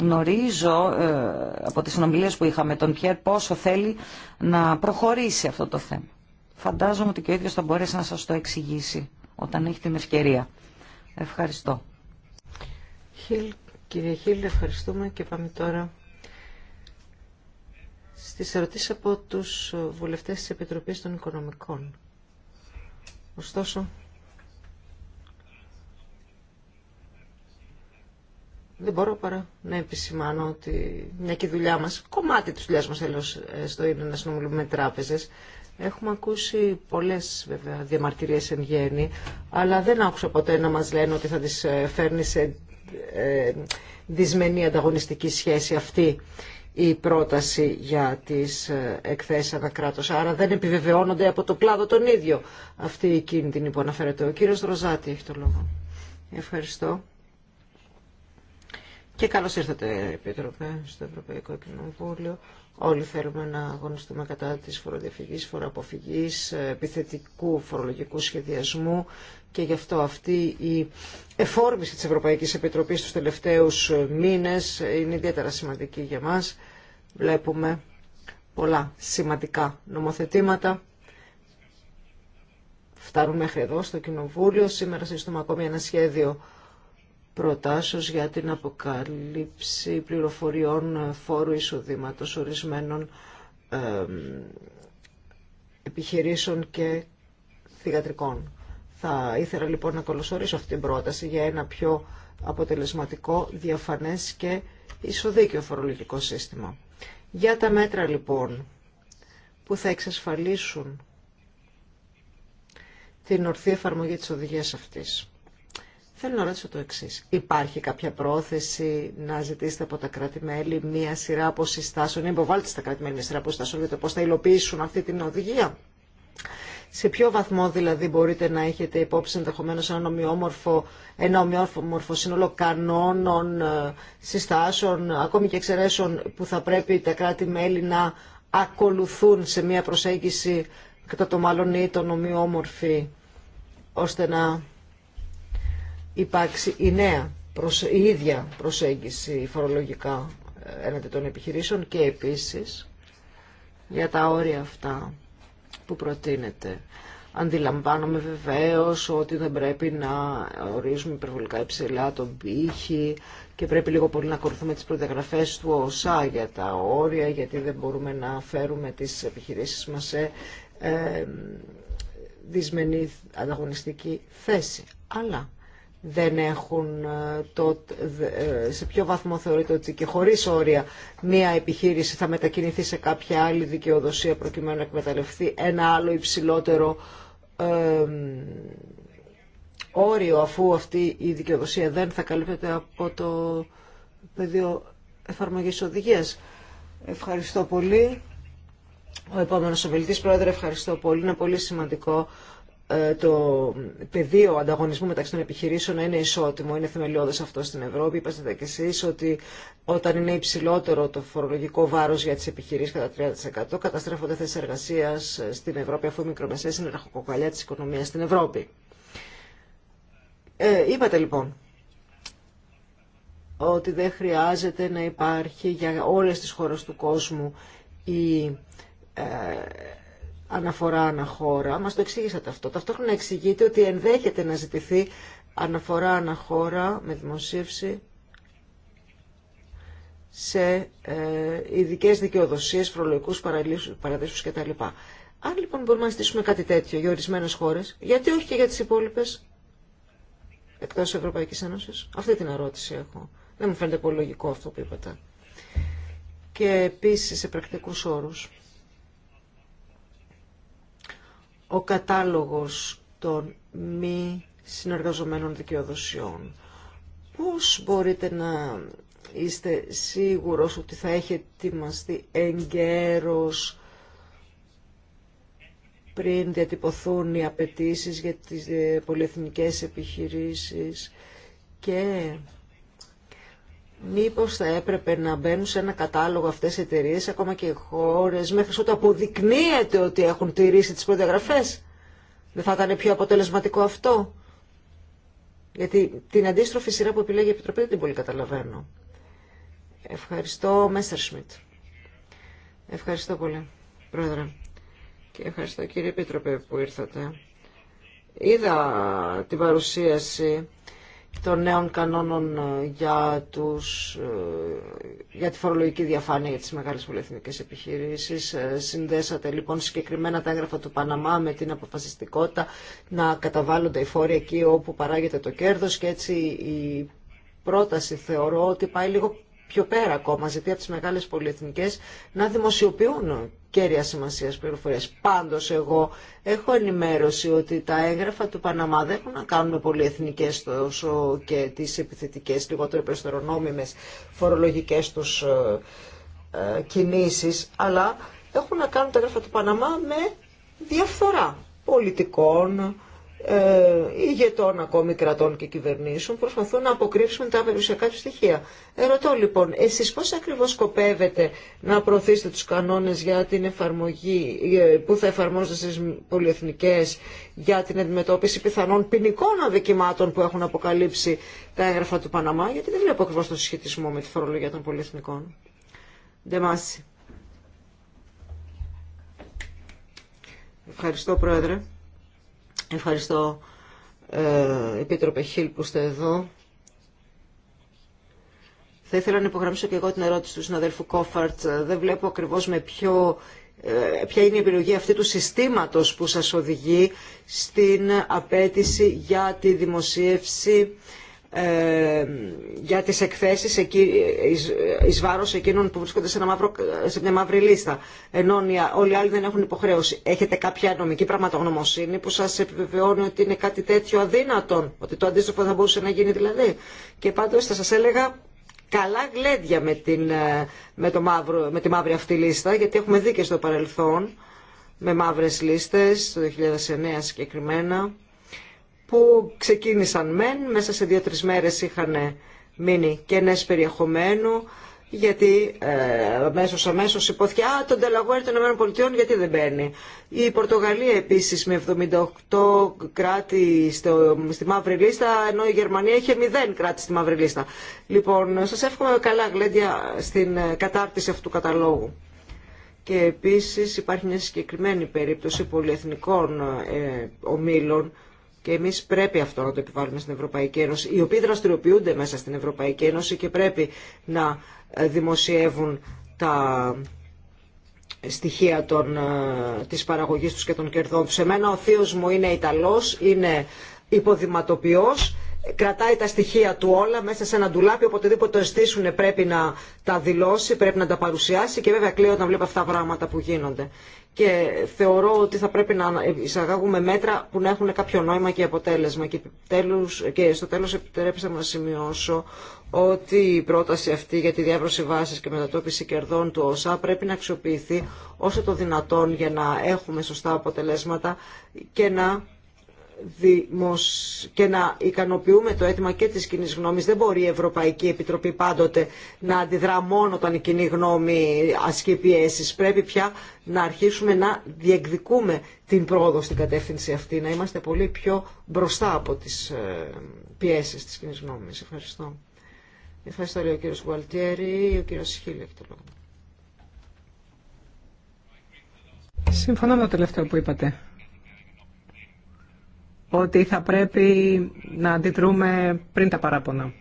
Γνωρίζω ε, από τις συνομιλίες που είχαμε τον Πιέρ πόσο θέλει να προχωρήσει αυτό το θέμα. Φαντάζομαι ότι και ο ίδιος θα μπορέσει να σας το εξηγήσει όταν έχει την ευκαιρία. Ευχαριστώ. Χίλ, κύριε Χίλ, ευχαριστούμε και πάμε τώρα στις ερωτήσεις από τους βουλευτές της Επιτροπής των Οικονομικών. Ωστόσο, δεν μπορώ παρά να επισημάνω ότι μια και η δουλειά μας, κομμάτι της δουλειάς μας θέλω ε, στο είναι να συνομιλούμε με τράπεζες, Έχουμε ακούσει πολλές βέβαια διαμαρτυρίες εν γέννη, αλλά δεν άκουσα ποτέ να μας λένε ότι θα τις ε, φέρνει σε ε, δυσμενή ανταγωνιστική σχέση αυτή η πρόταση για τις εκθέσεις ανακράτως. Άρα δεν επιβεβαιώνονται από το κλάδο τον ίδιο αυτή η κίνδυνη που αναφέρεται. Ο κύριος Ροζάτη έχει το λόγο. Ευχαριστώ. Και καλώ ήρθατε, Επίτροπε, στο Ευρωπαϊκό Κοινοβούλιο. Όλοι θέλουμε να αγωνιστούμε κατά τη φοροδιαφυγή, φοροαποφυγή, επιθετικού φορολογικού σχεδιασμού και γι' αυτό αυτή η εφόρμηση τη Ευρωπαϊκή Επιτροπή του τελευταίου μήνε είναι ιδιαίτερα σημαντική για μα. Βλέπουμε πολλά σημαντικά νομοθετήματα. Φτάνουν μέχρι εδώ στο Κοινοβούλιο. Σήμερα συζητούμε ακόμη ένα σχέδιο προτάσεως για την αποκάλυψη πληροφοριών φόρου εισοδήματος ορισμένων επιχειρήσεων και θηγατρικών. Θα ήθελα λοιπόν να κολοσορίσω αυτή την πρόταση για ένα πιο αποτελεσματικό, διαφανές και ισοδίκιο φορολογικό σύστημα. Για τα μέτρα λοιπόν που θα εξασφαλίσουν την ορθή εφαρμογή της οδηγίας αυτής. Θέλω να ρωτήσω το εξή. Υπάρχει κάποια πρόθεση να ζητήσετε από τα κράτη-μέλη μία σειρά από συστάσεων ή υποβάλλετε στα κράτη-μέλη μία σειρά από συστάσεων για το πώ θα υλοποιήσουν αυτή την οδηγία. Σε ποιο βαθμό δηλαδή μπορείτε να έχετε υπόψη ενδεχομένω ένα ομοιόμορφο, ένα σύνολο κανόνων, ε, συστάσεων, ακόμη και εξαιρέσεων που θα πρέπει τα κράτη-μέλη να ακολουθούν σε μια προσέγγιση κατά το μάλλον ή τον ομοιόμορφη ώστε να υπάρξει η νέα, η ίδια προσέγγιση φορολογικά ε, έναντι των επιχειρήσεων και επίσης για τα όρια αυτά που προτείνεται. Αντιλαμβάνομαι βεβαίως ότι δεν πρέπει να ορίζουμε υπερβολικά υψηλά τον πύχη και πρέπει λίγο πολύ να ακολουθούμε τις προδιαγραφές του ΩΣΑ για τα όρια γιατί δεν μπορούμε να φέρουμε τις επιχειρήσεις μας σε ε, δυσμενή ανταγωνιστική θέση. Αλλά δεν έχουν ε, το, ε, σε ποιο βαθμό θεωρείται ότι και χωρίς όρια μία επιχείρηση θα μετακινηθεί σε κάποια άλλη δικαιοδοσία προκειμένου να εκμεταλλευτεί ένα άλλο υψηλότερο όριο αφού αυτή η δικαιοδοσία δεν θα καλύπτεται από το πεδίο εφαρμογής οδηγίας. Ευχαριστώ πολύ. Ο επόμενος ομιλητής, Πρόεδρε, ευχαριστώ πολύ. Είναι πολύ σημαντικό ε, το πεδίο ανταγωνισμού μεταξύ των επιχειρήσεων είναι ισότιμο. Είναι θεμελιώδες αυτό στην Ευρώπη. Είπατε και εσεί ότι όταν είναι υψηλότερο το φορολογικό βάρος για τις επιχειρήσεις κατά 30% καταστρέφονται θέσεις εργασία στην Ευρώπη αφού οι μικρομεσαίες είναι ραχοκοκαλιά τη οικονομία στην Ευρώπη. Ε, είπατε λοιπόν ότι δεν χρειάζεται να υπάρχει για όλες τις χώρες του κόσμου η ε, αναφορά αναχώρα. Μα το εξήγησατε αυτό. Ταυτόχρονα εξηγείτε ότι ενδέχεται να ζητηθεί αναφορά αναχώρα με δημοσίευση σε ε, ειδικέ δικαιοδοσίε, φορολογικού παραδείσου κτλ. Αν λοιπόν μπορούμε να ζητήσουμε κάτι τέτοιο για ορισμένε χώρε, γιατί όχι και για τι υπόλοιπε εκτό Ευρωπαϊκή Ένωση. Αυτή την ερώτηση έχω. Δεν μου φαίνεται πολύ λογικό αυτό που είπατε. Και επίση σε πρακτικού όρου. ο κατάλογος των μη συνεργαζομένων δικαιοδοσιών. Πώς μπορείτε να είστε σίγουρος ότι θα έχει ετοιμαστεί εγκαίρος πριν διατυπωθούν οι απαιτήσει για τις πολυεθνικές επιχειρήσεις και μήπως θα έπρεπε να μπαίνουν σε ένα κατάλογο αυτές οι εταιρείε, ακόμα και οι χώρες, μέχρι όταν αποδεικνύεται ότι έχουν τηρήσει τις προδιαγραφές. Δεν θα ήταν πιο αποτελεσματικό αυτό. Γιατί την αντίστροφη σειρά που επιλέγει η Επιτροπή δεν την πολύ καταλαβαίνω. Ευχαριστώ, Μέστερ Σμιτ. Ευχαριστώ πολύ, Πρόεδρε. Και ευχαριστώ, κύριε Επίτροπε, που ήρθατε. Είδα την παρουσίαση των νέων κανόνων ε, για, τους, ε, για τη φορολογική διαφάνεια για τις μεγάλες πολυεθνικές επιχειρήσεις. Ε, συνδέσατε λοιπόν συγκεκριμένα τα έγγραφα του Παναμά με την αποφασιστικότητα να καταβάλλονται οι φόροι εκεί όπου παράγεται το κέρδος και έτσι η πρόταση θεωρώ ότι πάει λίγο πιο πέρα ακόμα, ζητεί από τις μεγάλες πολυεθνικές να δημοσιοποιούν κέρια σημασία πληροφορίε. Πάντω, εγώ έχω ενημέρωση ότι τα έγγραφα του Παναμά δεν έχουν να κάνουν με πολυεθνικέ τόσο και τι επιθετικέ, λιγότερο υπεστερονόμιμε φορολογικέ του ε, ε κινήσει, αλλά έχουν να κάνουν τα έγγραφα του Παναμά με διαφθορά πολιτικών, ε, ηγετών ακόμη κρατών και κυβερνήσεων προσπαθούν να αποκρύψουν τα περιουσιακά στοιχεία. Ερωτώ λοιπόν, εσείς πώς ακριβώς σκοπεύετε να προωθήσετε τους κανόνες για την εφαρμογή, ε, που θα εφαρμόζονται στις πολυεθνικές για την αντιμετώπιση πιθανών ποινικών αδικημάτων που έχουν αποκαλύψει τα έγγραφα του Παναμά, γιατί δεν βλέπω ακριβώς το συσχετισμό με τη φορολογία των πολυεθνικών. Δεμάση. Ευχαριστώ Πρόεδρε. Ευχαριστώ, ε, Επίτροπε Χίλ, που είστε εδώ. Θα ήθελα να υπογραμμίσω και εγώ την ερώτηση του συναδέλφου Κόφαρτ. Δεν βλέπω ακριβώς με ε, ποια είναι η επιλογή αυτή του συστήματος που σας οδηγεί στην απέτηση για τη δημοσίευση ε, για τις εκθέσεις εκεί, εις, βάρος εκείνων που βρίσκονται σε, μαύρο, σε μια μαύρη λίστα ενώ όλοι οι άλλοι δεν έχουν υποχρέωση. Έχετε κάποια νομική πραγματογνωμοσύνη που σας επιβεβαιώνει ότι είναι κάτι τέτοιο αδύνατο ότι το αντίστοιχο θα μπορούσε να γίνει δηλαδή. Και πάντως θα σας έλεγα καλά γλέντια με, την, ε, με, το μαύρο, με τη μαύρη αυτή λίστα γιατί έχουμε δει και στο παρελθόν με μαύρες λίστες, το 2009 συγκεκριμένα που ξεκίνησαν μεν, μέσα σε δύο-τρεις μέρες είχαν μείνει κενές περιεχομένου, γιατί ε, αμέσω αμέσω υπόθηκε Α, τον Τελαγουέρ των ΗΠΑ γιατί δεν μπαίνει. Η Πορτογαλία επίσης με 78 κράτη στο, στη μαύρη λίστα, ενώ η Γερμανία είχε 0 κράτη στη μαύρη λίστα. Λοιπόν, σας εύχομαι καλά γλέντια στην ε, κατάρτιση αυτού του καταλόγου. Και επίσης υπάρχει μια συγκεκριμένη περίπτωση πολυεθνικών ε, ομήλων και εμεί πρέπει αυτό να το επιβάλλουμε στην Ευρωπαϊκή Ένωση, οι οποίοι δραστηριοποιούνται μέσα στην Ευρωπαϊκή Ένωση και πρέπει να ε, δημοσιεύουν τα στοιχεία των, ε, της παραγωγής τους και των κερδών τους. Εμένα ο θείος μου είναι Ιταλός, είναι υποδηματοποιός, κρατάει τα στοιχεία του όλα μέσα σε ένα ντουλάπι, οποτεδήποτε το αισθήσουν πρέπει να τα δηλώσει, πρέπει να τα παρουσιάσει και βέβαια κλαίω όταν βλέπω αυτά τα πράγματα που γίνονται και θεωρώ ότι θα πρέπει να εισαγάγουμε μέτρα που να έχουν κάποιο νόημα και αποτέλεσμα. Και, και στο τέλος επιτρέψτε να σημειώσω ότι η πρόταση αυτή για τη διάβρωση βάσης και μετατόπιση κερδών του ΩΣΑ πρέπει να αξιοποιηθεί όσο το δυνατόν για να έχουμε σωστά αποτελέσματα και να και να ικανοποιούμε το αίτημα και της κοινή γνώμη. Δεν μπορεί η Ευρωπαϊκή Επιτροπή πάντοτε να αντιδρά μόνο όταν η κοινή γνώμη ασκεί πιέσει. Πρέπει πια να αρχίσουμε να διεκδικούμε την πρόοδο στην κατεύθυνση αυτή, να είμαστε πολύ πιο μπροστά από τις ε, πιέσεις της κοινή γνώμη. Ευχαριστώ. Ευχαριστώ, λέει ο κύριος Γουαλτιέρη, ο κύριος Χίλη, Συμφωνώ με το τελευταίο που είπατε ότι θα πρέπει να αντιδρούμε πριν τα παράπονα.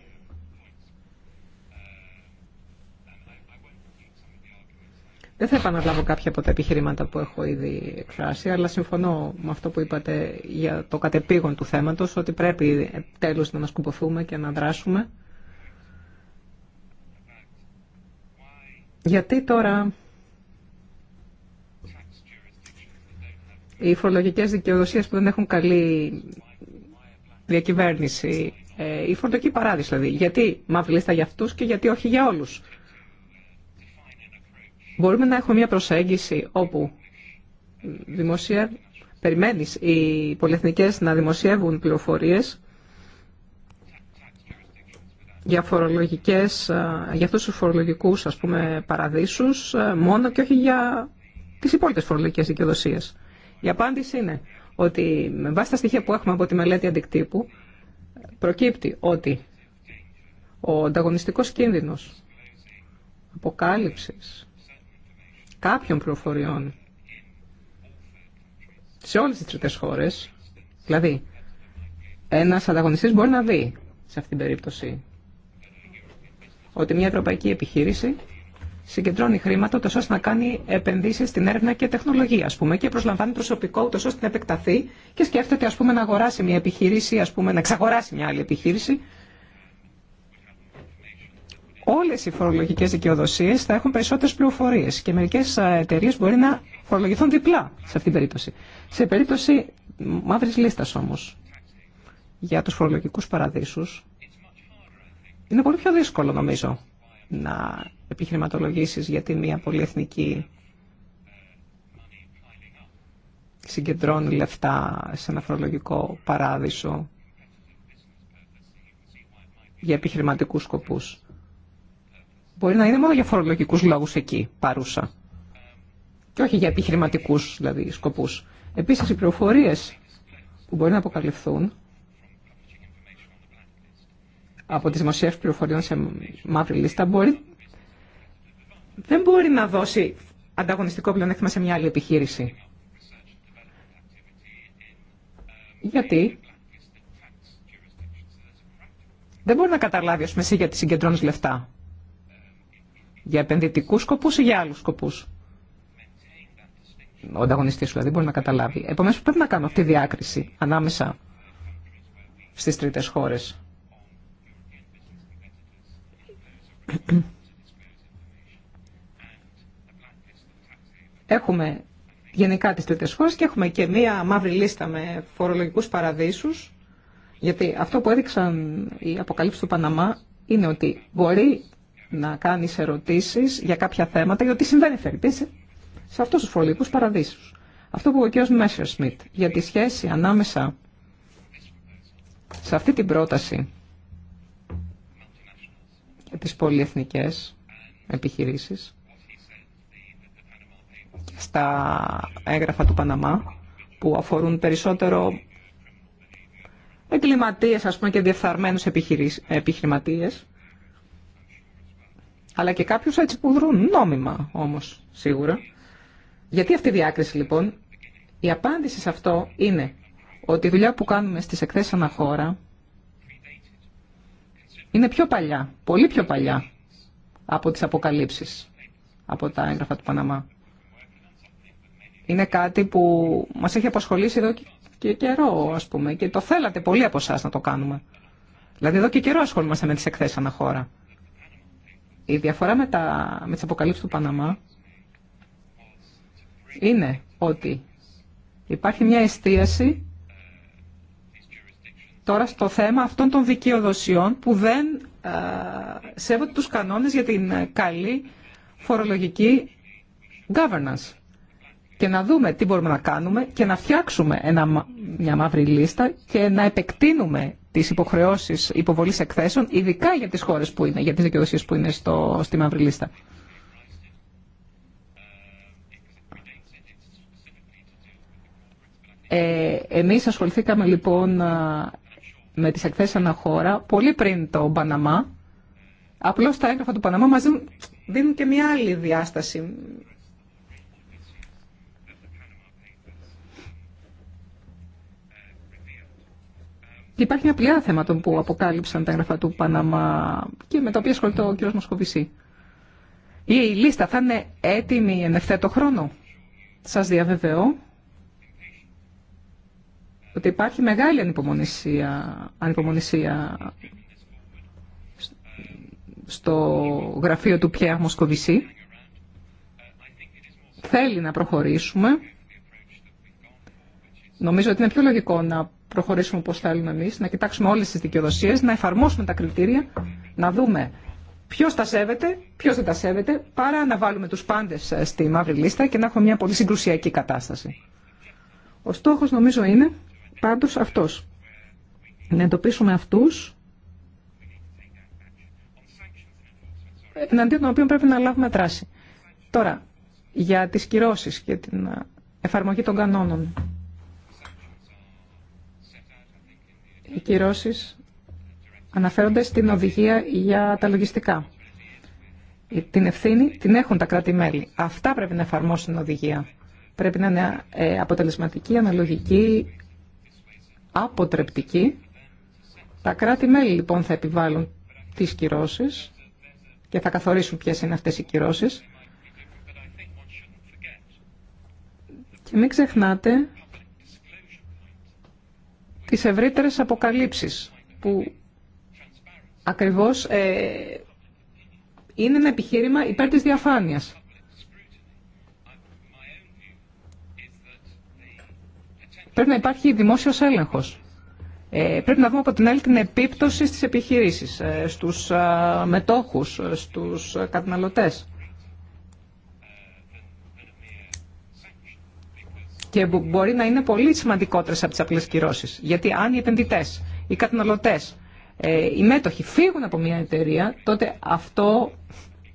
Δεν θα επαναλάβω κάποια από τα επιχειρήματα που έχω ήδη εκφράσει, αλλά συμφωνώ με αυτό που είπατε για το κατεπήγον του θέματος, ότι πρέπει τέλος να ανασκουμποθούμε και να δράσουμε. Γιατί τώρα οι φορολογικές δικαιοδοσίες που δεν έχουν καλή διακυβέρνηση, ε, η φορολογική παράδειση δηλαδή. Γιατί μαύρη λίστα για αυτούς και γιατί όχι για όλους. Μπορούμε να έχουμε μια προσέγγιση όπου δημοσία... περιμένεις οι πολυεθνικές να δημοσιεύουν πληροφορίες για, φορολογικές, ε, για αυτούς τους φορολογικούς παραδείσους ε, μόνο και όχι για τις υπόλοιπες φορολογικές δικαιοδοσίες. Η απάντηση είναι ότι με βάση τα στοιχεία που έχουμε από τη μελέτη αντικτύπου προκύπτει ότι ο ανταγωνιστικός κίνδυνος αποκάλυψης κάποιων πληροφοριών σε όλες τις τρίτες χώρες, δηλαδή ένας ανταγωνιστής μπορεί να δει σε αυτήν την περίπτωση ότι μια ευρωπαϊκή επιχείρηση συγκεντρώνει χρήματα το ώστε να κάνει επενδύσεις στην έρευνα και τεχνολογία ας πούμε, και προσλαμβάνει προσωπικό ούτως ώστε να επεκταθεί και σκέφτεται ας πούμε, να αγοράσει μια επιχείρηση, ας πούμε, να εξαγοράσει μια άλλη επιχείρηση. Όλε οι φορολογικέ δικαιοδοσίε θα έχουν περισσότερε πληροφορίε και μερικέ ε, εταιρείε μπορεί να φορολογηθούν διπλά σε αυτήν την περίπτωση. Σε περίπτωση μαύρη λίστα όμω, για του φορολογικού παραδείσου. είναι πολύ πιο δύσκολο νομίζω να επιχειρηματολογήσεις γιατί μια πολυεθνική συγκεντρώνει λεφτά σε ένα φορολογικό παράδεισο για επιχειρηματικούς σκοπούς. Μπορεί να είναι μόνο για φορολογικούς λόγους εκεί παρούσα και όχι για επιχειρηματικούς δηλαδή σκοπούς. Επίσης οι πληροφορίες που μπορεί να αποκαλυφθούν από τις δημοσίες πληροφοριών σε μαύρη λίστα μπορεί δεν μπορεί να δώσει ανταγωνιστικό πλεονέκτημα σε μια άλλη επιχείρηση. Γιατί δεν μπορεί να καταλάβει, ως μεσή γιατί συγκεντρώνεις λεφτά. Για επενδυτικούς σκοπούς ή για άλλους σκοπούς. Ο ανταγωνιστής σου δηλαδή μπορεί να καταλάβει. Επομένως πρέπει να κάνω αυτή τη διάκριση ανάμεσα στις τρίτες χώρες. Έχουμε γενικά τις τρίτες χώρες και έχουμε και μία μαύρη λίστα με φορολογικούς παραδείσους, γιατί αυτό που έδειξαν οι αποκαλύψεις του Παναμά είναι ότι μπορεί να κάνεις ερωτήσεις για κάποια θέματα, γιατί συμβαίνει σε αυτούς τους φορολογικούς παραδείσους. Αυτό που ο κ. Μέσσερ Σμιτ για τη σχέση ανάμεσα σε αυτή την πρόταση για τις πολυεθνικές επιχειρήσεις στα έγγραφα του Παναμά που αφορούν περισσότερο εγκληματίες ας πούμε και διεφθαρμένους επιχειρηματίες αλλά και κάποιους έτσι που δρούν νόμιμα όμως σίγουρα. Γιατί αυτή η διάκριση λοιπόν, η απάντηση σε αυτό είναι ότι η δουλειά που κάνουμε στις εκθέσεις αναχώρα είναι πιο παλιά, πολύ πιο παλιά από τις αποκαλύψεις από τα έγγραφα του Παναμά. Είναι κάτι που μας έχει αποσχολήσει εδώ και καιρό, ας πούμε, και το θέλατε πολλοί από εσά να το κάνουμε. Δηλαδή εδώ και καιρό ασχολούμαστε με τις εκθέσεις αναχώρα. Η διαφορά με, τα, με τις αποκαλύψεις του Παναμά είναι ότι υπάρχει μια εστίαση τώρα στο θέμα αυτών των δικαιοδοσιών που δεν ε, σέβονται τους κανόνες για την καλή φορολογική governance και να δούμε τι μπορούμε να κάνουμε και να φτιάξουμε ένα, μια μαύρη λίστα και να επεκτείνουμε τις υποχρεώσεις υποβολή εκθέσεων, ειδικά για τις χώρες που είναι, για τις δικαιοδοσίε που είναι στο, στη μαύρη λίστα. Ε, εμείς ασχοληθήκαμε λοιπόν με τις εκθέσεις αναχώρα πολύ πριν το Παναμά. Απλώς τα έγγραφα του Παναμά μας δίνουν και μια άλλη διάσταση, Υπάρχει μια πλειά θέματων που αποκάλυψαν τα έγγραφα του Παναμά και με τα οποία ασχολείται ο κ. Μοσκοβισή. Η λίστα θα είναι έτοιμη εν ευθέτω χρόνο. Σας διαβεβαιώ ότι υπάρχει μεγάλη ανυπομονησία, ανυπομονησία στο γραφείο του Πιέα Μοσκοβισή. Θέλει να προχωρήσουμε Νομίζω ότι είναι πιο λογικό να προχωρήσουμε όπω θέλουμε εμεί, να κοιτάξουμε όλε τι δικαιοδοσίε, να εφαρμόσουμε τα κριτήρια, να δούμε ποιο τα σέβεται, ποιο δεν τα σέβεται, παρά να βάλουμε του πάντε ε, στη μαύρη λίστα και να έχουμε μια πολύ συγκρουσιακή κατάσταση. Ο στόχο νομίζω είναι πάντως αυτό Να εντοπίσουμε αυτού εναντίον των οποίων πρέπει να λάβουμε δράση. Τώρα, για τις κυρώσεις και την ε, εφαρμογή των κανόνων. οι κυρώσεις αναφέρονται στην οδηγία για τα λογιστικά. Την ευθύνη την έχουν τα κράτη-μέλη. Αυτά πρέπει να εφαρμόσουν την οδηγία. Πρέπει να είναι ε, αποτελεσματική, αναλογική, αποτρεπτική. Τα κράτη-μέλη λοιπόν θα επιβάλλουν τις κυρώσεις και θα καθορίσουν ποιες είναι αυτές οι κυρώσεις. Και μην ξεχνάτε τις ευρύτερες αποκαλύψεις που ακριβώς ε, είναι ένα επιχείρημα υπέρ της διαφάνειας. Πρέπει να υπάρχει δημόσιος έλεγχος. Ε, πρέπει να δούμε από την άλλη την επίπτωση στις επιχειρήσεις, ε, στους μετόχους, ε, στους καταναλωτές. και μπορεί να είναι πολύ σημαντικότερε από τι απλέ κυρώσει. Γιατί αν οι επενδυτέ, οι καταναλωτέ, ε, οι μέτοχοι φύγουν από μια εταιρεία, τότε αυτό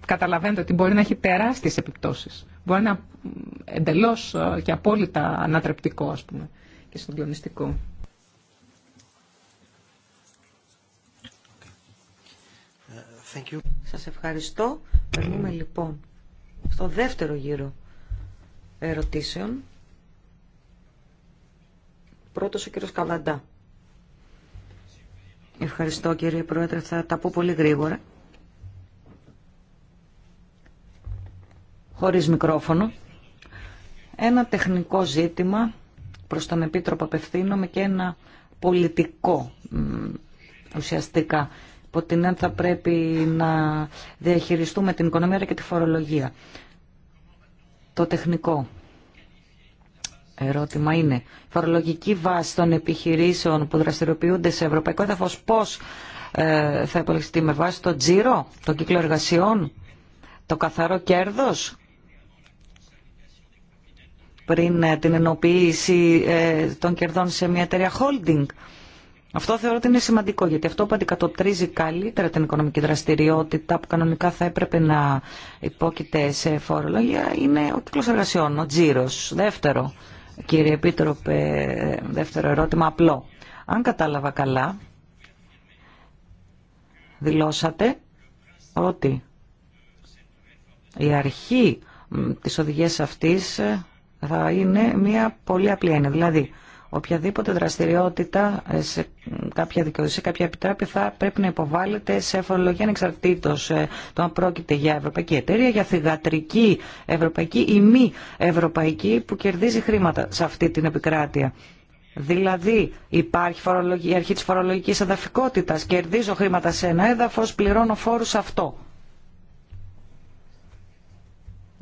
καταλαβαίνετε ότι μπορεί να έχει τεράστιες επιπτώσεις. Μπορεί να είναι εντελώς ε, και απόλυτα ανατρεπτικό, πούμε, και συγκλονιστικό. Thank Σας ευχαριστώ. Περνούμε λοιπόν στο δεύτερο γύρο ερωτήσεων. Πρώτος ο κύριος Καβαντά. Ευχαριστώ κύριε Πρόεδρε, θα τα πω πολύ γρήγορα. Χωρίς μικρόφωνο. Ένα τεχνικό ζήτημα προς τον Επίτροπο απευθύνομαι και ένα πολιτικό ουσιαστικά. που την ένθα πρέπει να διαχειριστούμε την οικονομία και τη φορολογία. Το τεχνικό ερώτημα είναι φορολογική βάση των επιχειρήσεων που δραστηριοποιούνται σε ευρωπαϊκό έδαφος πώς ε, θα υπολογιστεί με βάση το τζίρο, το κύκλο εργασιών, το καθαρό κέρδος πριν ε, την ενοποίηση ε, των κερδών σε μια εταιρεία holding. Αυτό θεωρώ ότι είναι σημαντικό γιατί αυτό που αντικατοπτρίζει καλύτερα την οικονομική δραστηριότητα που κανονικά θα έπρεπε να υπόκειται σε φορολογία είναι ο κύκλος εργασιών, ο τζίρος. Δεύτερο, Κύριε Επίτροπε, δεύτερο ερώτημα απλό. Αν κατάλαβα καλά, δηλώσατε ότι η αρχή της οδηγίας αυτής θα είναι μια πολύ απλή έννοια. Δηλαδή, Οποιαδήποτε δραστηριότητα σε κάποια δικαιοδοσία, κάποια επιτράπη θα πρέπει να υποβάλλεται σε φορολογία ανεξαρτήτω ε, το αν πρόκειται για ευρωπαϊκή εταιρεία, για θηγατρική ευρωπαϊκή ή μη ευρωπαϊκή που κερδίζει χρήματα σε αυτή την επικράτεια. Δηλαδή υπάρχει η αρχή της φορολογικής αδαφικότητας, κερδίζω χρήματα σε ένα έδαφος, πληρώνω φόρους σε αυτό.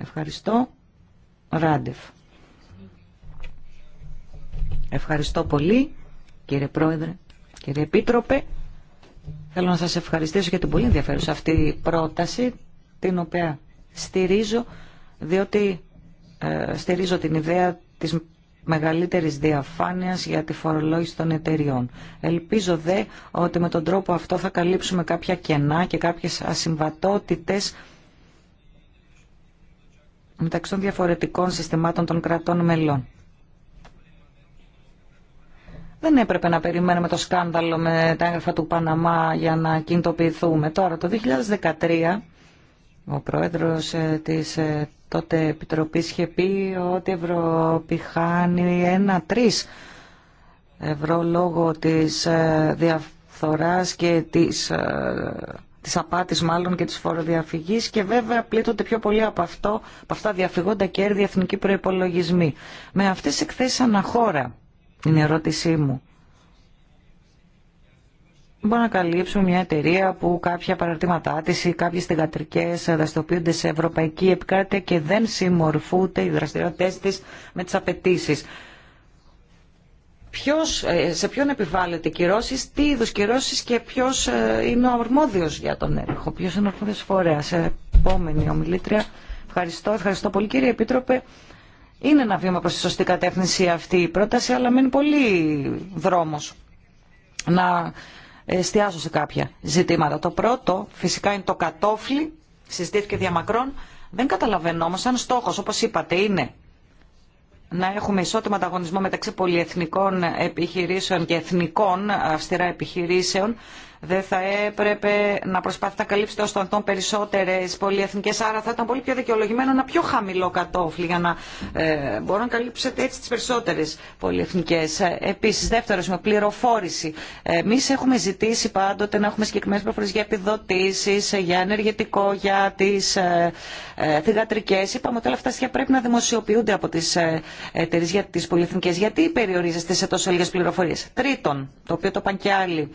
Ευχαριστώ. Ράντεφ. Ευχαριστώ πολύ, κύριε Πρόεδρε, κύριε Επίτροπε. Θέλω να σας ευχαριστήσω για την πολύ ενδιαφέρουσα αυτή η πρόταση, την οποία στηρίζω, διότι ε, στηρίζω την ιδέα της μεγαλύτερης διαφάνειας για τη φορολόγηση των εταιριών. Ελπίζω δε ότι με τον τρόπο αυτό θα καλύψουμε κάποια κενά και κάποιες ασυμβατότητες μεταξύ των διαφορετικών συστημάτων των κρατών μελών. Δεν έπρεπε να περιμένουμε το σκάνδαλο με τα έγγραφα του Παναμά για να κινητοποιηθούμε. Τώρα, το 2013, ο πρόεδρος ε, της ε, τότε Επιτροπής είχε πει ότι η χάνει ευρώ λόγω της ε, διαφθοράς και της, της απάτης μάλλον και της φοροδιαφυγής και βέβαια πλήττονται πιο πολύ από, αυτό, από αυτά διαφυγόντα κέρδη εθνική προϋπολογισμή. Με αυτές τις εκθέσεις αναχώρα την ερώτησή μου. μπορώ να καλύψω μια εταιρεία που κάποια παραρτήματά τη ή κάποιε θηγατρικέ δραστηριοποιούνται σε ευρωπαϊκή επικράτεια και δεν συμμορφούνται οι δραστηριότητέ τη με τι απαιτήσει. Ποιος, ε, σε ποιον επιβάλλεται κυρώσεις, τι είδους κυρώσεις και ποιος ε, είναι ο αρμόδιος για τον έλεγχο, ποιος είναι ο αρμόδιος φορέας. Επόμενη ομιλήτρια. Ευχαριστώ, ευχαριστώ πολύ κύριε Επίτροπε. Είναι ένα βήμα προς τη σωστή κατεύθυνση αυτή η πρόταση, αλλά μένει πολύ δρόμος να εστιάσω σε κάποια ζητήματα. Το πρώτο φυσικά είναι το κατόφλι, συζητήθηκε διαμακρών. Δεν καταλαβαίνω όμως αν στόχος, όπως είπατε, είναι να έχουμε ισότιμο ανταγωνισμό μεταξύ πολυεθνικών επιχειρήσεων και εθνικών αυστηρά επιχειρήσεων, δεν θα έπρεπε να προσπαθεί να καλύψει τον των περισσότερε πολυεθνικέ. Άρα θα ήταν πολύ πιο δικαιολογημένο ένα πιο χαμηλό κατόφλι για να ε, να καλύψετε έτσι τι περισσότερε πολυεθνικέ. Ε, Επίση, δεύτερο με πληροφόρηση. Εμεί έχουμε ζητήσει πάντοτε να έχουμε συγκεκριμένε πληροφορίε για επιδοτήσει, για ενεργετικό, για τι ε, ε θηγατρικέ. Είπαμε ότι όλα αυτά στοιχεία πρέπει να δημοσιοποιούνται από τι ε, εταιρείε για τι πολυεθνικέ. Γιατί περιορίζεστε σε τόσο λίγε πληροφορίε. Τρίτον, το οποίο το παν και άλλοι,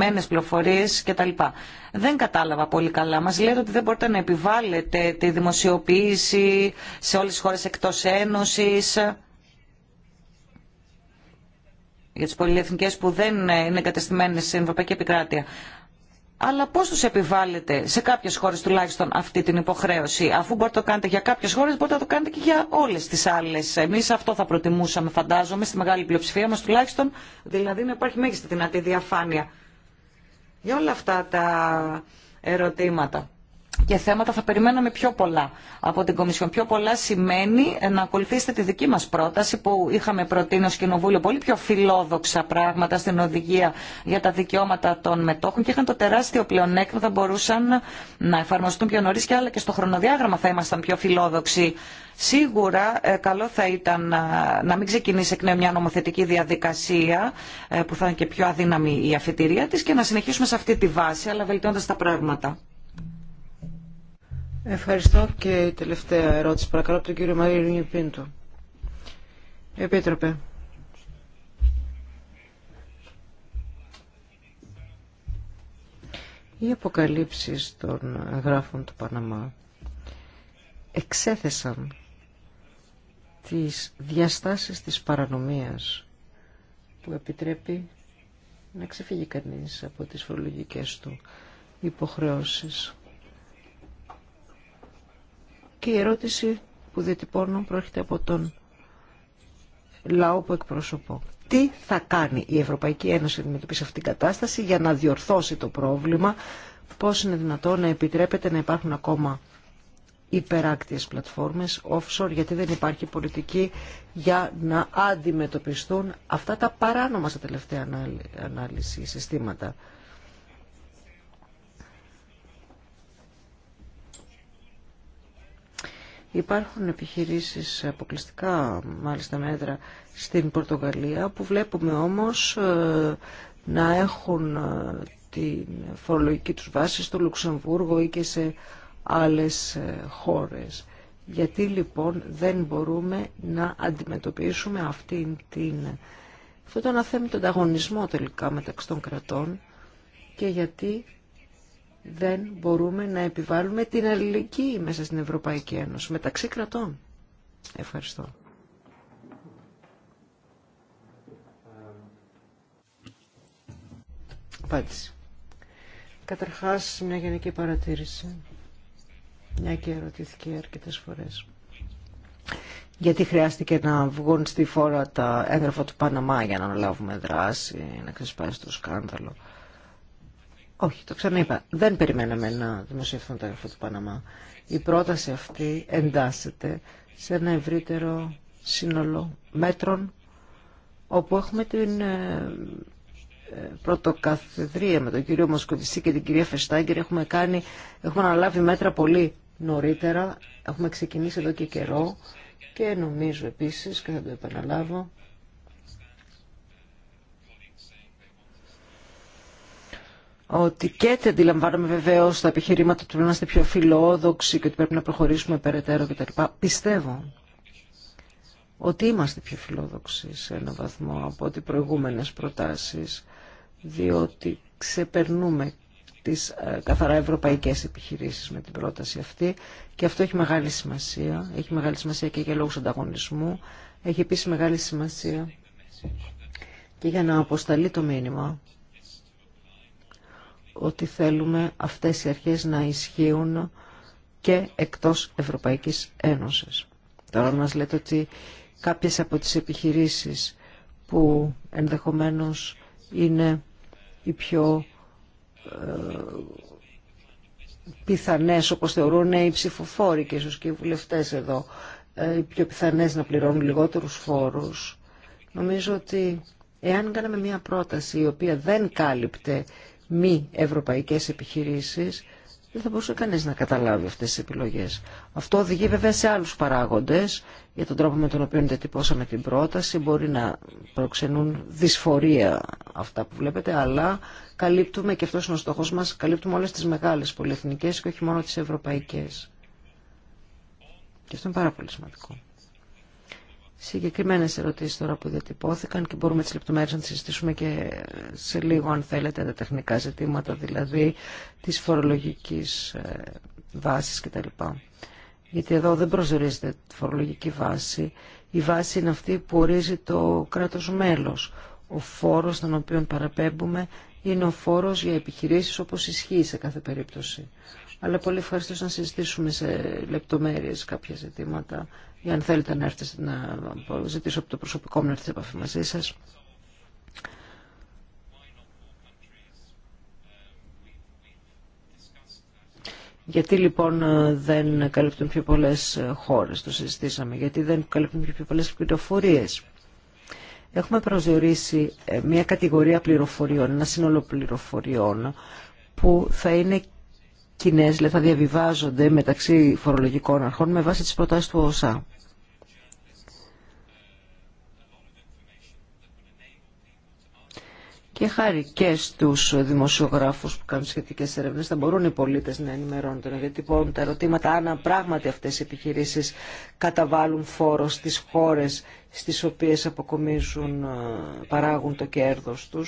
συγκεκριμένες πληροφορίες κτλ. Δεν κατάλαβα πολύ καλά. Μας λέτε ότι δεν μπορείτε να επιβάλλετε τη δημοσιοποίηση σε όλες τις χώρες εκτός Ένωσης για τις πολυεθνικές που δεν είναι εγκατεστημένες στην Ευρωπαϊκή Επικράτεια. Αλλά πώς τους επιβάλλετε σε κάποιες χώρες τουλάχιστον αυτή την υποχρέωση. Αφού μπορείτε να το κάνετε για κάποιες χώρες, μπορείτε να το κάνετε και για όλες τις άλλες. Εμείς αυτό θα προτιμούσαμε, φαντάζομαι, στη μεγάλη πλειοψηφία μας τουλάχιστον, δηλαδή να υπάρχει μέγιστη δυνατή διαφάνεια για όλα αυτά τα ερωτήματα και θέματα θα περιμέναμε πιο πολλά από την Κομισιόν. Πιο πολλά σημαίνει να ακολουθήσετε τη δική μας πρόταση που είχαμε προτείνει ως Κοινοβούλιο πολύ πιο φιλόδοξα πράγματα στην οδηγία για τα δικαιώματα των μετόχων και είχαν το τεράστιο πλεονέκτημα θα μπορούσαν να εφαρμοστούν πιο νωρίς και άλλα και στο χρονοδιάγραμμα θα ήμασταν πιο φιλόδοξοι. Σίγουρα ε, καλό θα ήταν ε, να μην ξεκινήσει εκ νέου μια νομοθετική διαδικασία ε, που θα είναι και πιο αδύναμη η αφιτηρία της και να συνεχίσουμε σε αυτή τη βάση αλλά βελτιώντας τα πράγματα. Ευχαριστώ και η τελευταία ερώτηση παρακαλώ από τον κύριο Μαρίνιο Πίντο. Επίτροπε. Οι αποκαλύψεις των γράφων του Παναμά εξέθεσαν τις διαστάσεις της παρανομίας που επιτρέπει να ξεφύγει κανείς από τις φορολογικές του υποχρεώσεις. Και η ερώτηση που διατυπώνω προέρχεται από τον λαό που εκπροσωπώ. Τι θα κάνει η Ευρωπαϊκή Ένωση να αντιμετωπίσει αυτήν την κατάσταση για να διορθώσει το πρόβλημα, πώς είναι δυνατόν να επιτρέπεται να υπάρχουν ακόμα υπεράκτιες πλατφόρμες offshore γιατί δεν υπάρχει πολιτική για να αντιμετωπιστούν αυτά τα παράνομα στα τελευταία ανάλυση συστήματα. Υπάρχουν επιχειρήσεις αποκλειστικά μάλιστα μέτρα στην Πορτογαλία που βλέπουμε όμως ε, να έχουν ε, τη φορολογική τους βάση στο Λουξεμβούργο ή και σε άλλες ε, χώρες. Γιατί λοιπόν δεν μπορούμε να αντιμετωπίσουμε αυτήν την, αυτό το αναθέμητο ανταγωνισμό τελικά μεταξύ των κρατών και γιατί δεν μπορούμε να επιβάλλουμε την αλληλεγγύη μέσα στην Ευρωπαϊκή Ένωση, μεταξύ κρατών. Ευχαριστώ. Απάντηση. Καταρχάς, μια γενική παρατήρηση, μια και ερωτήθηκε αρκετές φορές. Γιατί χρειάστηκε να βγουν στη φόρα τα έγγραφα του Παναμά για να λάβουμε δράση, να ξεσπάσει το σκάνδαλο. Όχι, το ξαναείπα. Δεν περιμέναμε να δημοσιευθούν τα έγγραφα του Παναμά. Η πρόταση αυτή εντάσσεται σε ένα ευρύτερο σύνολο μέτρων όπου έχουμε την ε, ε, πρωτοκαθεδρία με τον κύριο Μοσκοβιστή και την κυρία Φεστάγκερ έχουμε, κάνει, έχουμε αναλάβει μέτρα πολύ νωρίτερα, έχουμε ξεκινήσει εδώ και καιρό και νομίζω επίσης, και θα το επαναλάβω, ότι και τι αντιλαμβάνομαι βεβαίω τα επιχειρήματα ότι πρέπει να είμαστε πιο φιλόδοξοι και ότι πρέπει να προχωρήσουμε περαιτέρω κτλ. Πιστεύω ότι είμαστε πιο φιλόδοξοι σε έναν βαθμό από ό,τι προηγούμενες προτάσεις, διότι ξεπερνούμε τις ε, καθαρά ευρωπαϊκές επιχειρήσεις με την πρόταση αυτή και αυτό έχει μεγάλη σημασία. Έχει μεγάλη σημασία και για λόγους ανταγωνισμού. Έχει επίσης μεγάλη σημασία και για να αποσταλεί το μήνυμα ότι θέλουμε αυτές οι αρχές να ισχύουν και εκτός Ευρωπαϊκής Ένωσης. Τώρα μας λέτε ότι κάποιες από τις επιχειρήσεις που ενδεχομένως είναι οι πιο ε, πιθανές όπως θεωρούν οι ψηφοφόροι και ίσως και οι βουλευτές εδώ ε, οι πιο πιθανές να πληρώνουν λιγότερους φόρους νομίζω ότι εάν κάναμε μια πρόταση η οποία δεν κάλυπτε μη ευρωπαϊκές επιχειρήσεις, δεν θα μπορούσε κανείς να καταλάβει αυτές τις επιλογές. Αυτό οδηγεί βέβαια σε άλλους παράγοντες, για τον τρόπο με τον οποίο εντετυπώσαμε την πρόταση, μπορεί να προξενούν δυσφορία αυτά που βλέπετε, αλλά καλύπτουμε, και αυτός είναι ο στόχος μας, καλύπτουμε όλες τις μεγάλες πολυεθνικές και όχι μόνο τις ευρωπαϊκές. Και αυτό είναι πάρα πολύ σημαντικό. Συγκεκριμένε ερωτήσει τώρα που διατυπώθηκαν και μπορούμε τι λεπτομέρειε να τι συζητήσουμε και σε λίγο αν θέλετε τα τεχνικά ζητήματα δηλαδή τη φορολογική ε, βάση κτλ. Γιατί εδώ δεν προσδιορίζεται τη φορολογική βάση. Η βάση είναι αυτή που ορίζει το κράτος μέλος. Ο φόρος τον οποίο παραπέμπουμε είναι ο φόρος για επιχειρήσεις όπως ισχύει σε κάθε περίπτωση. Αλλά πολύ ευχαριστώ να συζητήσουμε σε λεπτομέρειες κάποια ζητήματα αν θέλετε να έρθετε να ζητήσω από το προσωπικό μου να έρθει σε επαφή μαζί σας. Γιατί λοιπόν δεν καλύπτουν πιο πολλές χώρες, το συζητήσαμε, γιατί δεν καλύπτουν πιο πολλές πληροφορίες. Έχουμε προσδιορίσει ε, μια κατηγορία πληροφοριών, ένα σύνολο πληροφοριών που θα είναι κοινέ θα διαβιβάζονται μεταξύ φορολογικών αρχών με βάση τις προτάσεις του ΟΣΑ. Και χάρη και στου δημοσιογράφου που κάνουν σχετικέ έρευνε, θα μπορούν οι πολίτες να ενημερώνονται, να διατυπώνουν τα ερωτήματα αν πράγματι αυτές οι επιχειρήσεις καταβάλουν φόρο στι χώρες στις οποίες αποκομίζουν, παράγουν το κέρδο του.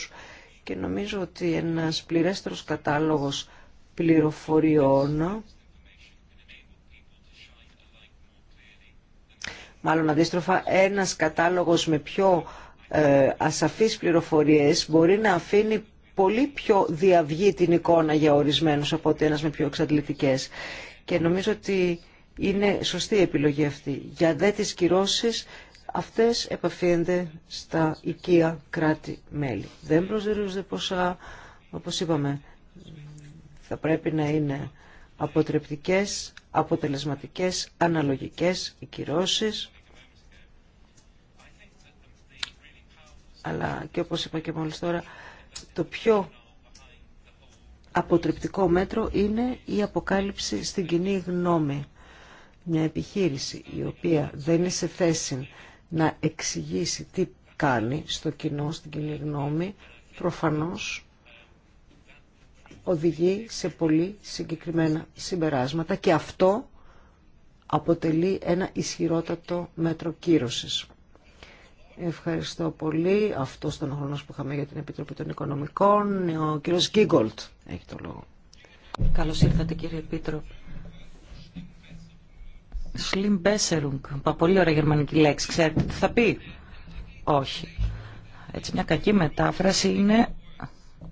Και νομίζω ότι ένα πληρέστερο κατάλογος πληροφοριών μάλλον αντίστροφα ένας κατάλογος με πιο ε, ασαφείς πληροφορίες μπορεί να αφήνει πολύ πιο διαυγή την εικόνα για ορισμένους από ότι ένας με πιο εξαντλητικές. Και νομίζω ότι είναι σωστή η επιλογή αυτή. Για δε τις κυρώσεις αυτές επαφήνται στα οικία κράτη-μέλη. Δεν προσδιορίζονται ποσά, όπως είπαμε, θα πρέπει να είναι αποτρεπτικές, αποτελεσματικές, αναλογικές οι κυρώσεις. Αλλά και όπως είπα και μόλις τώρα, το πιο αποτρεπτικό μέτρο είναι η αποκάλυψη στην κοινή γνώμη. Μια επιχείρηση η οποία δεν είναι σε θέση να εξηγήσει τι κάνει στο κοινό, στην κοινή γνώμη, προφανώς οδηγεί σε πολύ συγκεκριμένα συμπεράσματα και αυτό αποτελεί ένα ισχυρότατο μέτρο κύρωσης. Ευχαριστώ πολύ. Αυτό ήταν ο χρόνος που είχαμε για την Επιτροπή των Οικονομικών. Ο κύριος Γκίγκολτ έχει το λόγο. Καλώς ήρθατε κύριε Επίτροπε. Σλιμ Μπέσερουγκ. Πολύ ωραία γερμανική λέξη. Ξέρετε τι θα πει. Όχι. Έτσι μια κακή μετάφραση είναι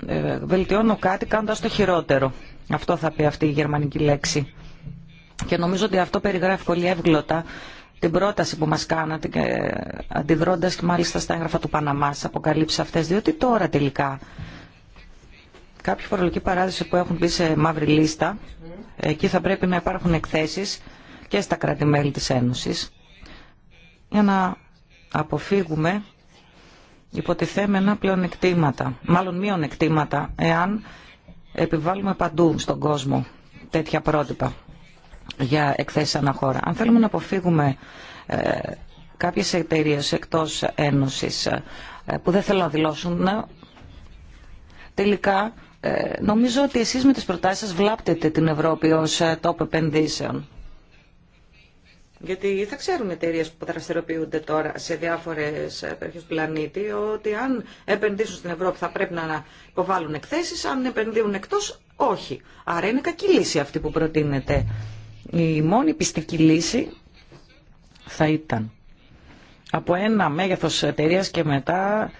ε, βελτιώνω κάτι κάνοντα το χειρότερο. Αυτό θα πει αυτή η γερμανική λέξη. Και νομίζω ότι αυτό περιγράφει πολύ εύγλωτα την πρόταση που μας κάνατε, ε, αντιδρώντας και μάλιστα στα έγγραφα του Παναμά, αποκαλύψει αποκαλύψεις αυτές, διότι τώρα τελικά κάποιοι φορολογικοί παράδεισοι που έχουν μπει σε μαύρη λίστα, εκεί θα πρέπει να υπάρχουν εκθέσεις και στα κράτη-μέλη της Ένωσης, για να αποφύγουμε υποτιθέμενα πλεονεκτήματα, μάλλον μειονεκτήματα, εάν επιβάλλουμε παντού στον κόσμο τέτοια πρότυπα για εκθέσεις αναχώρα. Αν θέλουμε να αποφύγουμε ε, κάποιες εταιρείες εκτός ένωσης ε, που δεν θέλουν να δηλώσουν, τελικά ε, νομίζω ότι εσείς με τις προτάσεις σας βλάπτετε την Ευρώπη ως ε, τόπο επενδύσεων. Γιατί θα ξέρουν εταιρείε που δραστηριοποιούνται τώρα σε διάφορε περιοχέ του πλανήτη ότι αν επενδύσουν στην Ευρώπη θα πρέπει να υποβάλουν εκθέσει, αν επενδύουν εκτό όχι. Άρα είναι κακή λύση αυτή που προτείνεται. Η μόνη πιστική λύση θα ήταν από ένα μέγεθος εταιρεία και μετά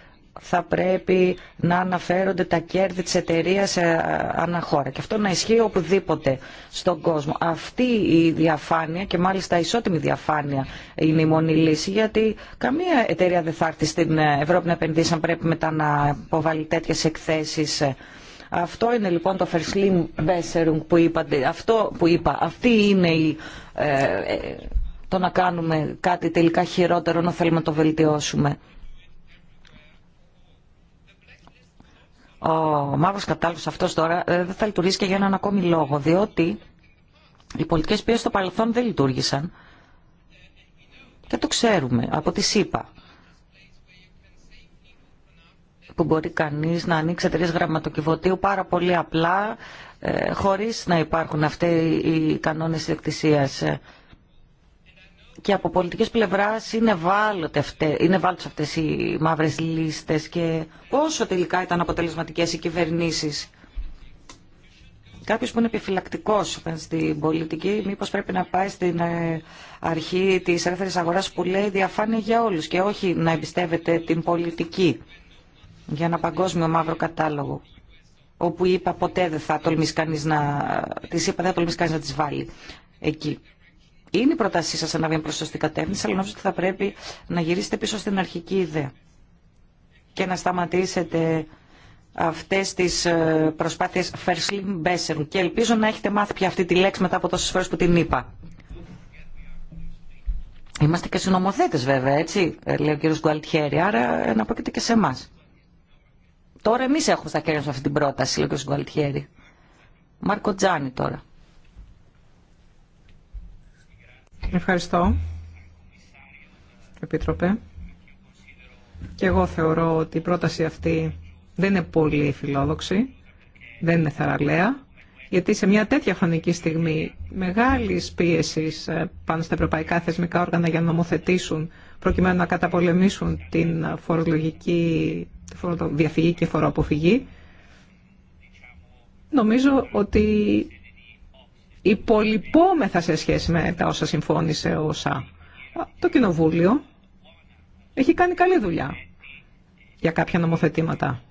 θα πρέπει να αναφέρονται τα κέρδη της εταιρεία ε, αναχώρα. Και αυτό να ισχύει οπουδήποτε στον κόσμο. Αυτή η διαφάνεια και μάλιστα ισότιμη διαφάνεια είναι η μόνη λύση γιατί καμία εταιρεία δεν θα έρθει στην Ευρώπη να επενδύσει αν πρέπει μετά να υποβάλει τέτοιε εκθέσεις. Αυτό είναι λοιπόν το Ferslim Besserung που, είπατε, αυτό που είπα. Αυτή είναι η, ε, ε, το να κάνουμε κάτι τελικά χειρότερο να θέλουμε να το βελτιώσουμε. ο μαύρος κατάλληλος αυτός τώρα ε, δεν θα λειτουργήσει και για έναν ακόμη λόγο, διότι οι πολιτικές πίεσεις στο παρελθόν δεν λειτουργήσαν και το ξέρουμε από τη ΣΥΠΑ που μπορεί κανείς να ανοίξει εταιρείε γραμματοκιβωτίου πάρα πολύ απλά ε, χωρίς να υπάρχουν αυτές οι κανόνες εκτισίας και από πολιτικές πλευρά είναι βάλτες αυτές οι μαύρε λίστε και πόσο τελικά ήταν αποτελεσματικέ οι κυβερνήσει. Κάποιο που είναι επιφυλακτικό στην πολιτική, μήπω πρέπει να πάει στην ε, αρχή τη ελεύθερη αγορά που λέει διαφάνεια για όλου και όχι να εμπιστεύεται την πολιτική για ένα παγκόσμιο μαύρο κατάλογο. Όπου είπα ποτέ δεν θα τολμήσει κανεί να. Τη δεν θα τολμήσει κανεί να τι βάλει εκεί είναι η πρότασή σα να βγει προς σωστή κατεύθυνση, αλλά νομίζω ότι θα πρέπει να γυρίσετε πίσω στην αρχική ιδέα και να σταματήσετε αυτέ τι ε, προσπάθειε Φερσλίν μπέσερου. και ελπίζω να έχετε μάθει πια αυτή τη λέξη μετά από τόσε φορέ που την είπα. Είμαστε και συνομοθέτε, βέβαια, έτσι, ε, λέει ο κ. Γκουαλτιέρη, άρα ε, να πω και σε εμά. Τώρα εμεί έχουμε στα χέρια μας αυτή την πρόταση, λέει ο κ. Γκουαλτιέρη. Μάρκο Τζάνι τώρα. Ευχαριστώ, Επίτροπε. Και εγώ θεωρώ ότι η πρόταση αυτή δεν είναι πολύ φιλόδοξη, δεν είναι θαραλέα, γιατί σε μια τέτοια χρονική στιγμή μεγάλης πίεσης ε, πάνω στα ευρωπαϊκά θεσμικά όργανα για να νομοθετήσουν προκειμένου να καταπολεμήσουν την φορολογική τη και φοροαποφυγή, νομίζω ότι υπολοιπόμεθα σε σχέση με τα όσα συμφώνησε ο Το Κοινοβούλιο έχει κάνει καλή δουλειά για κάποια νομοθετήματα.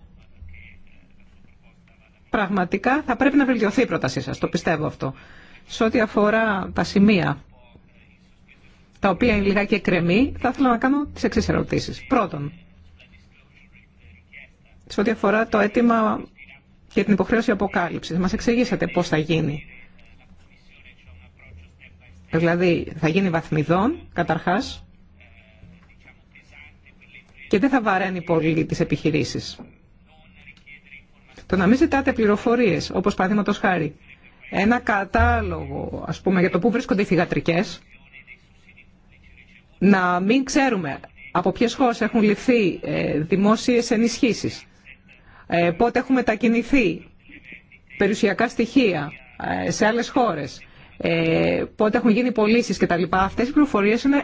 Πραγματικά θα πρέπει να βελτιωθεί η πρότασή σας, το πιστεύω αυτό. Σε ό,τι αφορά τα σημεία τα οποία είναι λιγάκι εκκρεμή, θα ήθελα να κάνω τις εξής ερωτήσεις. Πρώτον, σε ό,τι αφορά το αίτημα και την υποχρέωση αποκάλυψης, μας εξηγήσατε πώς θα γίνει Δηλαδή θα γίνει βαθμιδόν καταρχάς και δεν θα βαραίνει πολύ τις επιχειρήσεις. Το να μην ζητάτε πληροφορίες, όπως παραδείγματο χάρη, ένα κατάλογο, ας πούμε, για το πού βρίσκονται οι θυγατρικές, να μην ξέρουμε από ποιες χώρες έχουν ληφθεί ε, δημόσιες ενισχύσεις, ε, πότε έχουν μετακινηθεί περιουσιακά στοιχεία ε, σε άλλες χώρες, ε, πότε έχουν γίνει πωλήσει κτλ. Αυτέ οι πληροφορίε είναι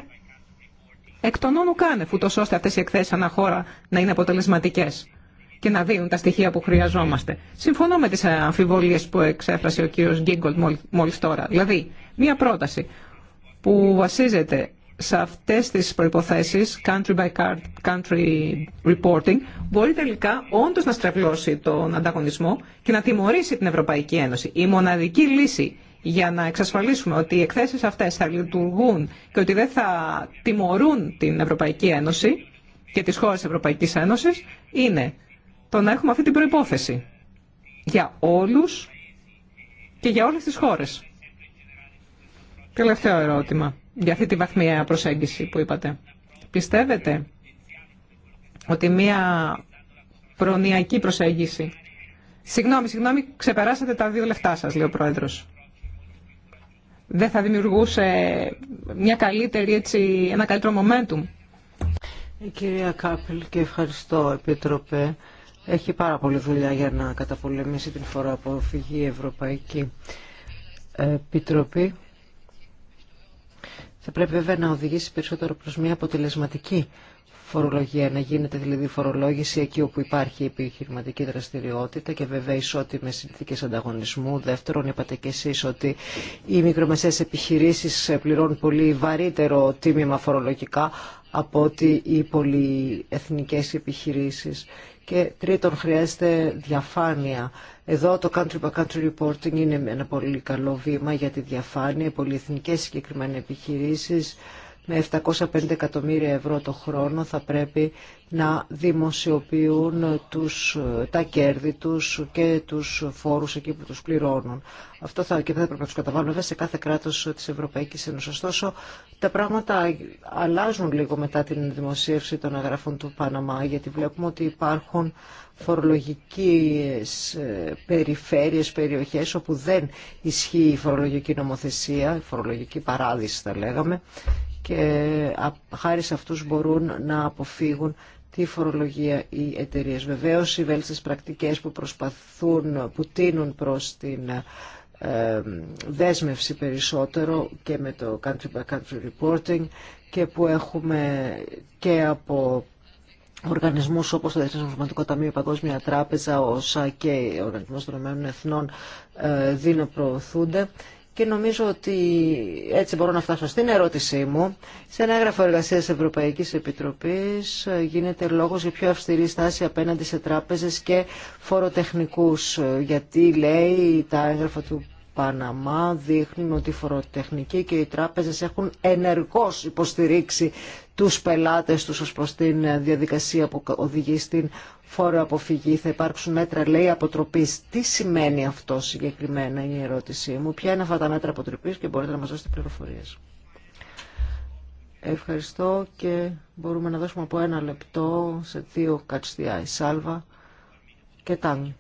εκ των όνων κάνευ, ούτω ώστε αυτέ οι εκθέσει αναχώρα να είναι αποτελεσματικέ και να δίνουν τα στοιχεία που χρειαζόμαστε. Συμφωνώ με τι αμφιβολίε που εξέφρασε ο κύριο Γκίγκολτ μόλι τώρα. Δηλαδή, μία πρόταση που βασίζεται σε αυτέ τι προποθέσει, country by country reporting, μπορεί τελικά όντω να στρεβλώσει τον ανταγωνισμό και να τιμωρήσει την Ευρωπαϊκή Ένωση. Η μοναδική λύση για να εξασφαλίσουμε ότι οι εκθέσεις αυτές θα λειτουργούν και ότι δεν θα τιμωρούν την Ευρωπαϊκή Ένωση και τις χώρες της Ευρωπαϊκής Ένωσης είναι το να έχουμε αυτή την προϋπόθεση για όλους και για όλες τις χώρες. Τελευταίο ερώτημα για αυτή τη βαθμιαία προσέγγιση που είπατε. Πιστεύετε ότι μία προνοιακή προσέγγιση... Συγγνώμη, συγγνώμη, ξεπεράσατε τα δύο λεφτά σας, λέει ο Πρόεδρος δεν θα δημιουργούσε μια καλύτερη, έτσι, ένα καλύτερο momentum. Η ε, κυρία Κάπελ και ευχαριστώ Επίτροπε. Έχει πάρα πολύ δουλειά για να καταπολεμήσει την φορά αποφυγή η Ευρωπαϊκή Επιτροπή. Θα πρέπει βέβαια να οδηγήσει περισσότερο προς μια αποτελεσματική φορολογία, να γίνεται δηλαδή φορολόγηση εκεί όπου υπάρχει επιχειρηματική δραστηριότητα και βέβαια ισότιμε συνθήκε ανταγωνισμού. Δεύτερον, είπατε και εσεί ότι οι μικρομεσαίε επιχειρήσει πληρώνουν πολύ βαρύτερο τίμημα φορολογικά από ότι οι πολυεθνικές επιχειρήσεις. Και τρίτον, χρειάζεται διαφάνεια. Εδώ το country by country reporting είναι ένα πολύ καλό βήμα για τη διαφάνεια. Οι πολυεθνικές συγκεκριμένες επιχειρήσεις με 750 εκατομμύρια ευρώ το χρόνο θα πρέπει να δημοσιοποιούν τους, τα κέρδη τους και τους φόρους εκεί που τους πληρώνουν. Αυτό θα, και θα πρέπει να τους καταβάλουν σε κάθε κράτος της Ευρωπαϊκής Ένωσης. Ωστόσο, τα πράγματα αλλάζουν λίγο μετά την δημοσίευση των αγραφών του Παναμά, γιατί βλέπουμε ότι υπάρχουν φορολογικές ε, περιφέρειες, περιοχές όπου δεν ισχύει η φορολογική νομοθεσία, η φορολογική παράδειση θα λέγαμε και χάρη σε αυτούς μπορούν να αποφύγουν τη φορολογία οι εταιρείε. Βεβαίω. οι βέλτιστες πρακτικές που προσπαθούν, που τίνουν προς την ε, δέσμευση περισσότερο και με το country by country reporting και που έχουμε και από οργανισμούς όπως το Διεθνές Νομισματικό Ταμείο, Παγκόσμια Τράπεζα, ο και ο Οργανισμός των Ηνωμένων Εθνών ε, προωθούνται και νομίζω ότι έτσι μπορώ να φτάσω στην ερώτησή μου. Σε ένα έγγραφο εργασία Ευρωπαϊκή Επιτροπή γίνεται λόγο για πιο αυστηρή στάση απέναντι σε τράπεζε και φοροτεχνικού. Γιατί λέει τα έγγραφα του Παναμά δείχνουν ότι οι φοροτεχνικοί και οι τράπεζες έχουν ενεργώ υποστηρίξει τους πελάτες του ω προς την διαδικασία που οδηγεί στην φόρο αποφυγή, θα υπάρξουν μέτρα, λέει, αποτροπής. Τι σημαίνει αυτό συγκεκριμένα, είναι η ερώτησή μου. Ποια είναι αυτά τα μέτρα αποτροπής και μπορείτε να μας δώσετε πληροφορίες. Ευχαριστώ και μπορούμε να δώσουμε από ένα λεπτό σε δύο κατστιά. Η Σάλβα και Τάνι.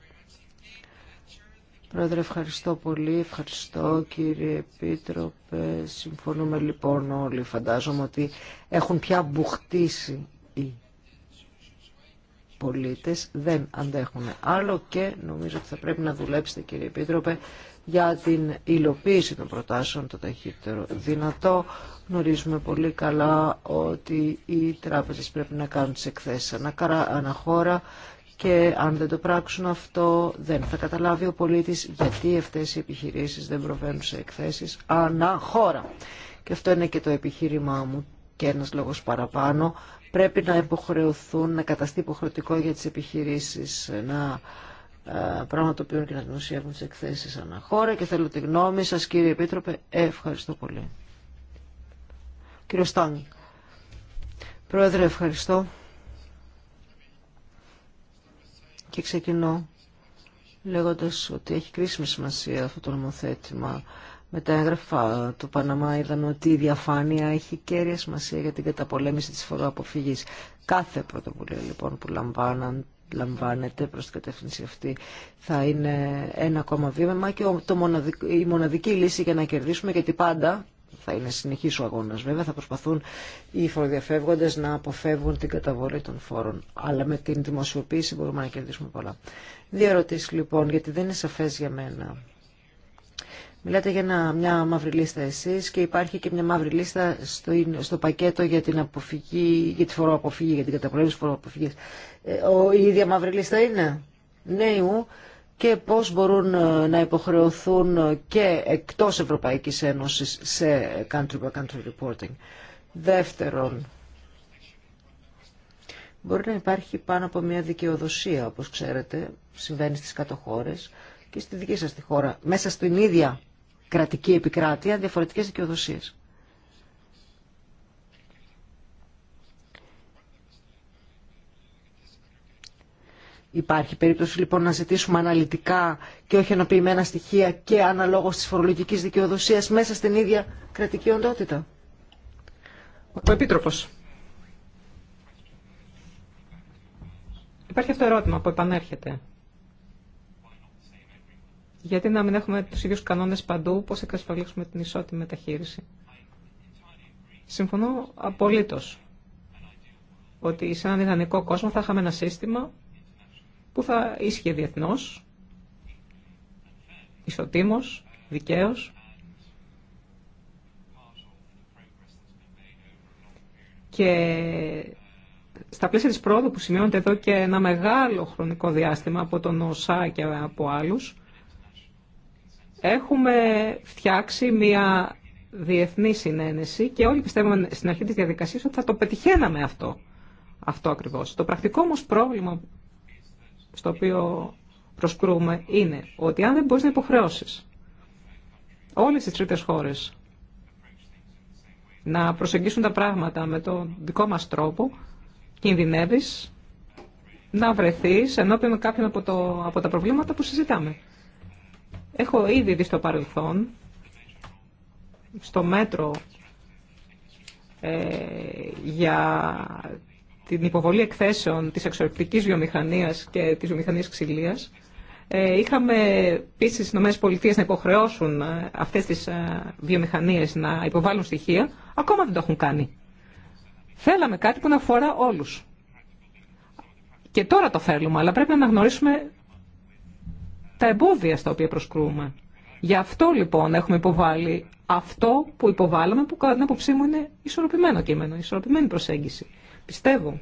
Πρόεδρε, ευχαριστώ πολύ. Ευχαριστώ κύριε Επίτροπε. Συμφωνούμε λοιπόν όλοι. Φαντάζομαι ότι έχουν πια μπουχτίσει οι πολίτες δεν αντέχουν άλλο και νομίζω ότι θα πρέπει να δουλέψετε κύριε Επίτροπε για την υλοποίηση των προτάσεων το ταχύτερο δυνατό. Γνωρίζουμε πολύ καλά ότι οι τράπεζες πρέπει να κάνουν τις εκθέσεις αναχώρα και αν δεν το πράξουν αυτό δεν θα καταλάβει ο πολίτης γιατί αυτές οι επιχειρήσεις δεν προβαίνουν σε εκθέσεις αναχώρα. Και αυτό είναι και το επιχείρημά μου και ένας λόγος παραπάνω πρέπει να υποχρεωθούν, να καταστεί υποχρεωτικό για τις επιχειρήσεις να ε, πραγματοποιούν και να δημοσιεύουν τις εκθέσεις χώρα. και θέλω τη γνώμη σας κύριε Επίτροπε. Ε, ευχαριστώ πολύ. Κύριο Στάνγκ. Πρόεδρε, ευχαριστώ. Και ξεκινώ λέγοντας ότι έχει κρίσιμη σημασία αυτό το νομοθέτημα με τα έγγραφα του Παναμά είδαμε ότι η διαφάνεια έχει κέρια σημασία για την καταπολέμηση της φοροαποφυγής. Κάθε πρωτοβουλία λοιπόν που λαμβάναν λαμβάνεται προς την κατεύθυνση αυτή θα είναι ένα ακόμα βήμα και το μοναδικ... η μοναδική λύση για να κερδίσουμε γιατί πάντα θα είναι συνεχής ο αγώνας βέβαια θα προσπαθούν οι φοροδιαφεύγοντες να αποφεύγουν την καταβολή των φόρων αλλά με την δημοσιοποίηση μπορούμε να κερδίσουμε πολλά. Δύο ερωτήσεις λοιπόν γιατί δεν είναι σαφές για μένα Μιλάτε για μια μαύρη λίστα εσείς και υπάρχει και μια μαύρη λίστα στο, στο πακέτο για την αποφυγή, για τη φοροαποφυγή, για την καταπολέμηση φοροαποφυγής. Ε, ο, η ίδια μαύρη λίστα είναι νέου ναι και πώς μπορούν ε, να υποχρεωθούν ε, και εκτός Ευρωπαϊκής Ένωσης σε country by country reporting. Δεύτερον, μπορεί να υπάρχει πάνω από μια δικαιοδοσία, όπως ξέρετε, συμβαίνει στις κάτω και στη δική σας τη χώρα, μέσα στην ίδια κρατική επικράτεια διαφορετικές δικαιοδοσίες. Υπάρχει περίπτωση λοιπόν να ζητήσουμε αναλυτικά και όχι ενοποιημένα στοιχεία και αναλόγως της φορολογικής δικαιοδοσίας μέσα στην ίδια κρατική οντότητα. Ο Επίτροπος. Υπάρχει αυτό το ερώτημα που επανέρχεται γιατί να μην έχουμε τους ίδιους κανόνες παντού, πώς θα εξασφαλίσουμε την ισότιμη μεταχείριση. Συμφωνώ απολύτως ότι σε έναν ιδανικό κόσμο θα είχαμε ένα σύστημα που θα ίσχυε διεθνώ ισοτίμος δικαίως και στα πλαίσια της πρόοδου που σημειώνεται εδώ και ένα μεγάλο χρονικό διάστημα από τον ΩΣΑ και από άλλους, Έχουμε φτιάξει μια διεθνή συνένεση και όλοι πιστεύουμε στην αρχή της διαδικασίας ότι θα το πετυχαίναμε αυτό. Αυτό ακριβώς. Το πρακτικό όμως πρόβλημα στο οποίο προσκρούμε είναι ότι αν δεν μπορείς να υποχρεώσεις όλες τις τρίτες χώρες να προσεγγίσουν τα πράγματα με τον δικό μας τρόπο, κινδυνεύεις να βρεθείς ενώπιον κάποιον από, από τα προβλήματα που συζητάμε. Έχω ήδη δει στο παρελθόν, στο μέτρο ε, για την υποβολή εκθέσεων της εξορρυπτικής βιομηχανίας και της βιομηχανίας ξυλίας, ε, Είχαμε πείσει στι ΗΠΑ να υποχρεώσουν ε, αυτές τις ε, βιομηχανίες να υποβάλουν στοιχεία. Ακόμα δεν το έχουν κάνει. Θέλαμε κάτι που να αφορά όλους. Και τώρα το θέλουμε, αλλά πρέπει να αναγνωρίσουμε τα εμπόδια στα οποία προσκρούμε. Γι' αυτό λοιπόν έχουμε υποβάλει αυτό που υποβάλαμε, που κατά την άποψή μου είναι ισορροπημένο κείμενο, ισορροπημένη προσέγγιση. Πιστεύω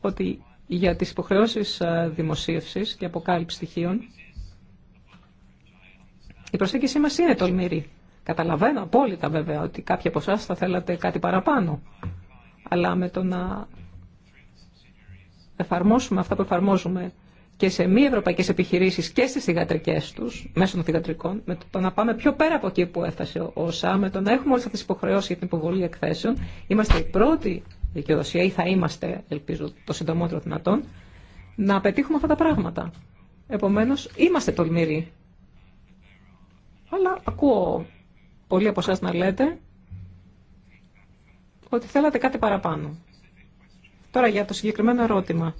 ότι για τις υποχρεώσεις ε, δημοσίευσης και αποκάλυψης στοιχείων, η προσέγγιση μας είναι τολμηρή. Καταλαβαίνω απόλυτα βέβαια ότι κάποιοι από εσάς θα θέλατε κάτι παραπάνω. Αλλά με το να εφαρμόσουμε αυτά που εφαρμόζουμε και σε μη ευρωπαϊκές επιχειρήσεις και στι θηγατρικέ του μέσω των θηγατρικών, με το να πάμε πιο πέρα από εκεί που έφτασε ο ΩΣΑ, με το να έχουμε όλε αυτέ τι υποχρεώσει για την υποβολή εκθέσεων. Είμαστε η πρώτη δικαιοδοσία ή θα είμαστε, ελπίζω, το συντομότερο δυνατόν, να πετύχουμε αυτά τα πράγματα. Επομένω είμαστε τολμηροί. Αλλά ακούω πολλοί από εσά να λέτε ότι θέλατε κάτι παραπάνω. Τώρα για το συγκεκριμένο ερώτημα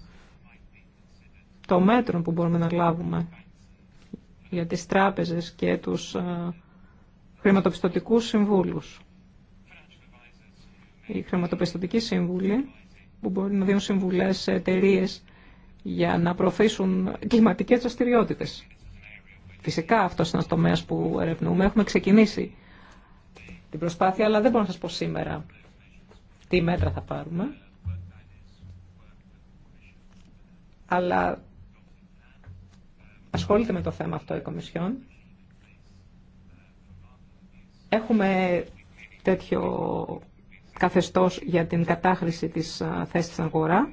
το μέτρο που μπορούμε να λάβουμε για τις τράπεζες και τους ε, χρηματοπιστωτικούς συμβούλους. Οι χρηματοπιστωτικοί σύμβουλοι που μπορεί να δίνουν συμβουλές σε εταιρείε για να προωθήσουν κλιματικές δραστηριότητε. Φυσικά αυτό είναι ένα τομέας που ερευνούμε. Έχουμε ξεκινήσει την προσπάθεια, αλλά δεν μπορώ να σας πω σήμερα τι μέτρα θα πάρουμε. Αλλά ασχολείται με το θέμα αυτό η Κομισιόν. Έχουμε τέτοιο καθεστώς για την κατάχρηση της θέσης στην αγορά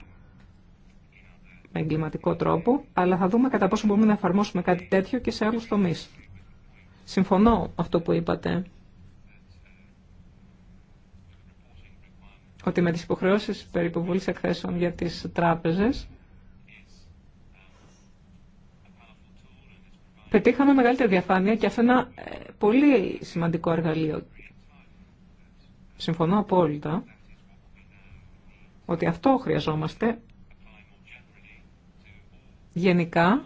με εγκληματικό τρόπο, αλλά θα δούμε κατά πόσο μπορούμε να εφαρμόσουμε κάτι τέτοιο και σε άλλους τομείς. Συμφωνώ αυτό που είπατε, ότι με τις υποχρεώσεις περί εκθέσεων για τις τράπεζες πετύχαμε μεγαλύτερη διαφάνεια και αυτό είναι ένα ε, πολύ σημαντικό εργαλείο. Συμφωνώ απόλυτα ότι αυτό χρειαζόμαστε γενικά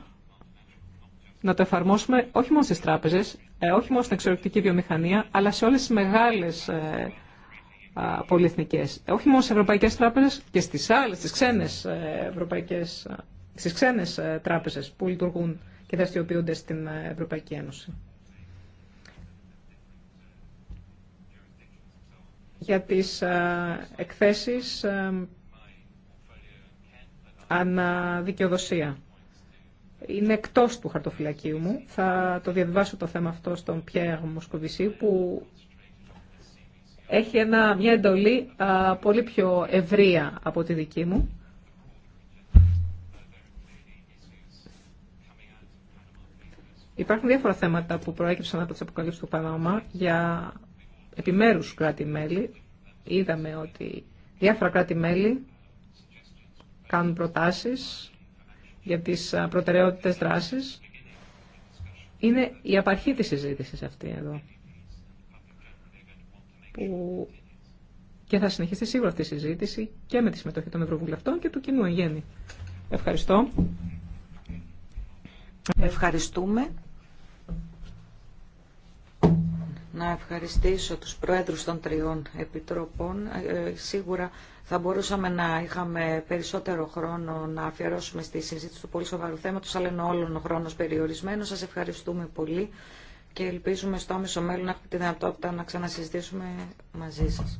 να το εφαρμόσουμε όχι μόνο στις τράπεζες, ε, όχι μόνο στην εξωτερική βιομηχανία, αλλά σε όλες τις μεγάλες ε, πολυεθνικές. Όχι μόνο στις ευρωπαϊκές τράπεζες και στις άλλες, στις ξένες, ευρωπαϊκές, στις ξένες τράπεζες που λειτουργούν και δραστηριοποιούνται στην Ευρωπαϊκή Ένωση. Για τις ε, εκθέσεις ε, αναδικαιοδοσία. Είναι εκτός του χαρτοφυλακίου μου. Θα το διαβάσω το θέμα αυτό στον Πιέρ Μοσκοβισή που έχει μια εντολή ε, πολύ πιο ευρεία από τη δική μου. Υπάρχουν διάφορα θέματα που προέκυψαν από τις αποκαλύψεις του Παναμά για επιμέρους κράτη-μέλη. Είδαμε ότι διάφορα κράτη-μέλη κάνουν προτάσεις για τις προτεραιότητε δράσης. Είναι η απαρχή της συζήτηση αυτή εδώ. Που... Και θα συνεχίσει σίγουρα αυτή η συζήτηση και με τη συμμετοχή των Ευρωβουλευτών και του κοινού εν γέννη. Ευχαριστώ. Ευχαριστούμε. να ευχαριστήσω τους Προέδρους των τριών επιτροπών. Ε, σίγουρα θα μπορούσαμε να είχαμε περισσότερο χρόνο να αφιερώσουμε στη συζήτηση του πολύ σοβαρού θέματος, αλλά είναι όλων ο χρόνος περιορισμένος. Σας ευχαριστούμε πολύ και ελπίζουμε στο άμεσο μέλλον να έχουμε τη δυνατότητα να ξανασυζητήσουμε μαζί σας.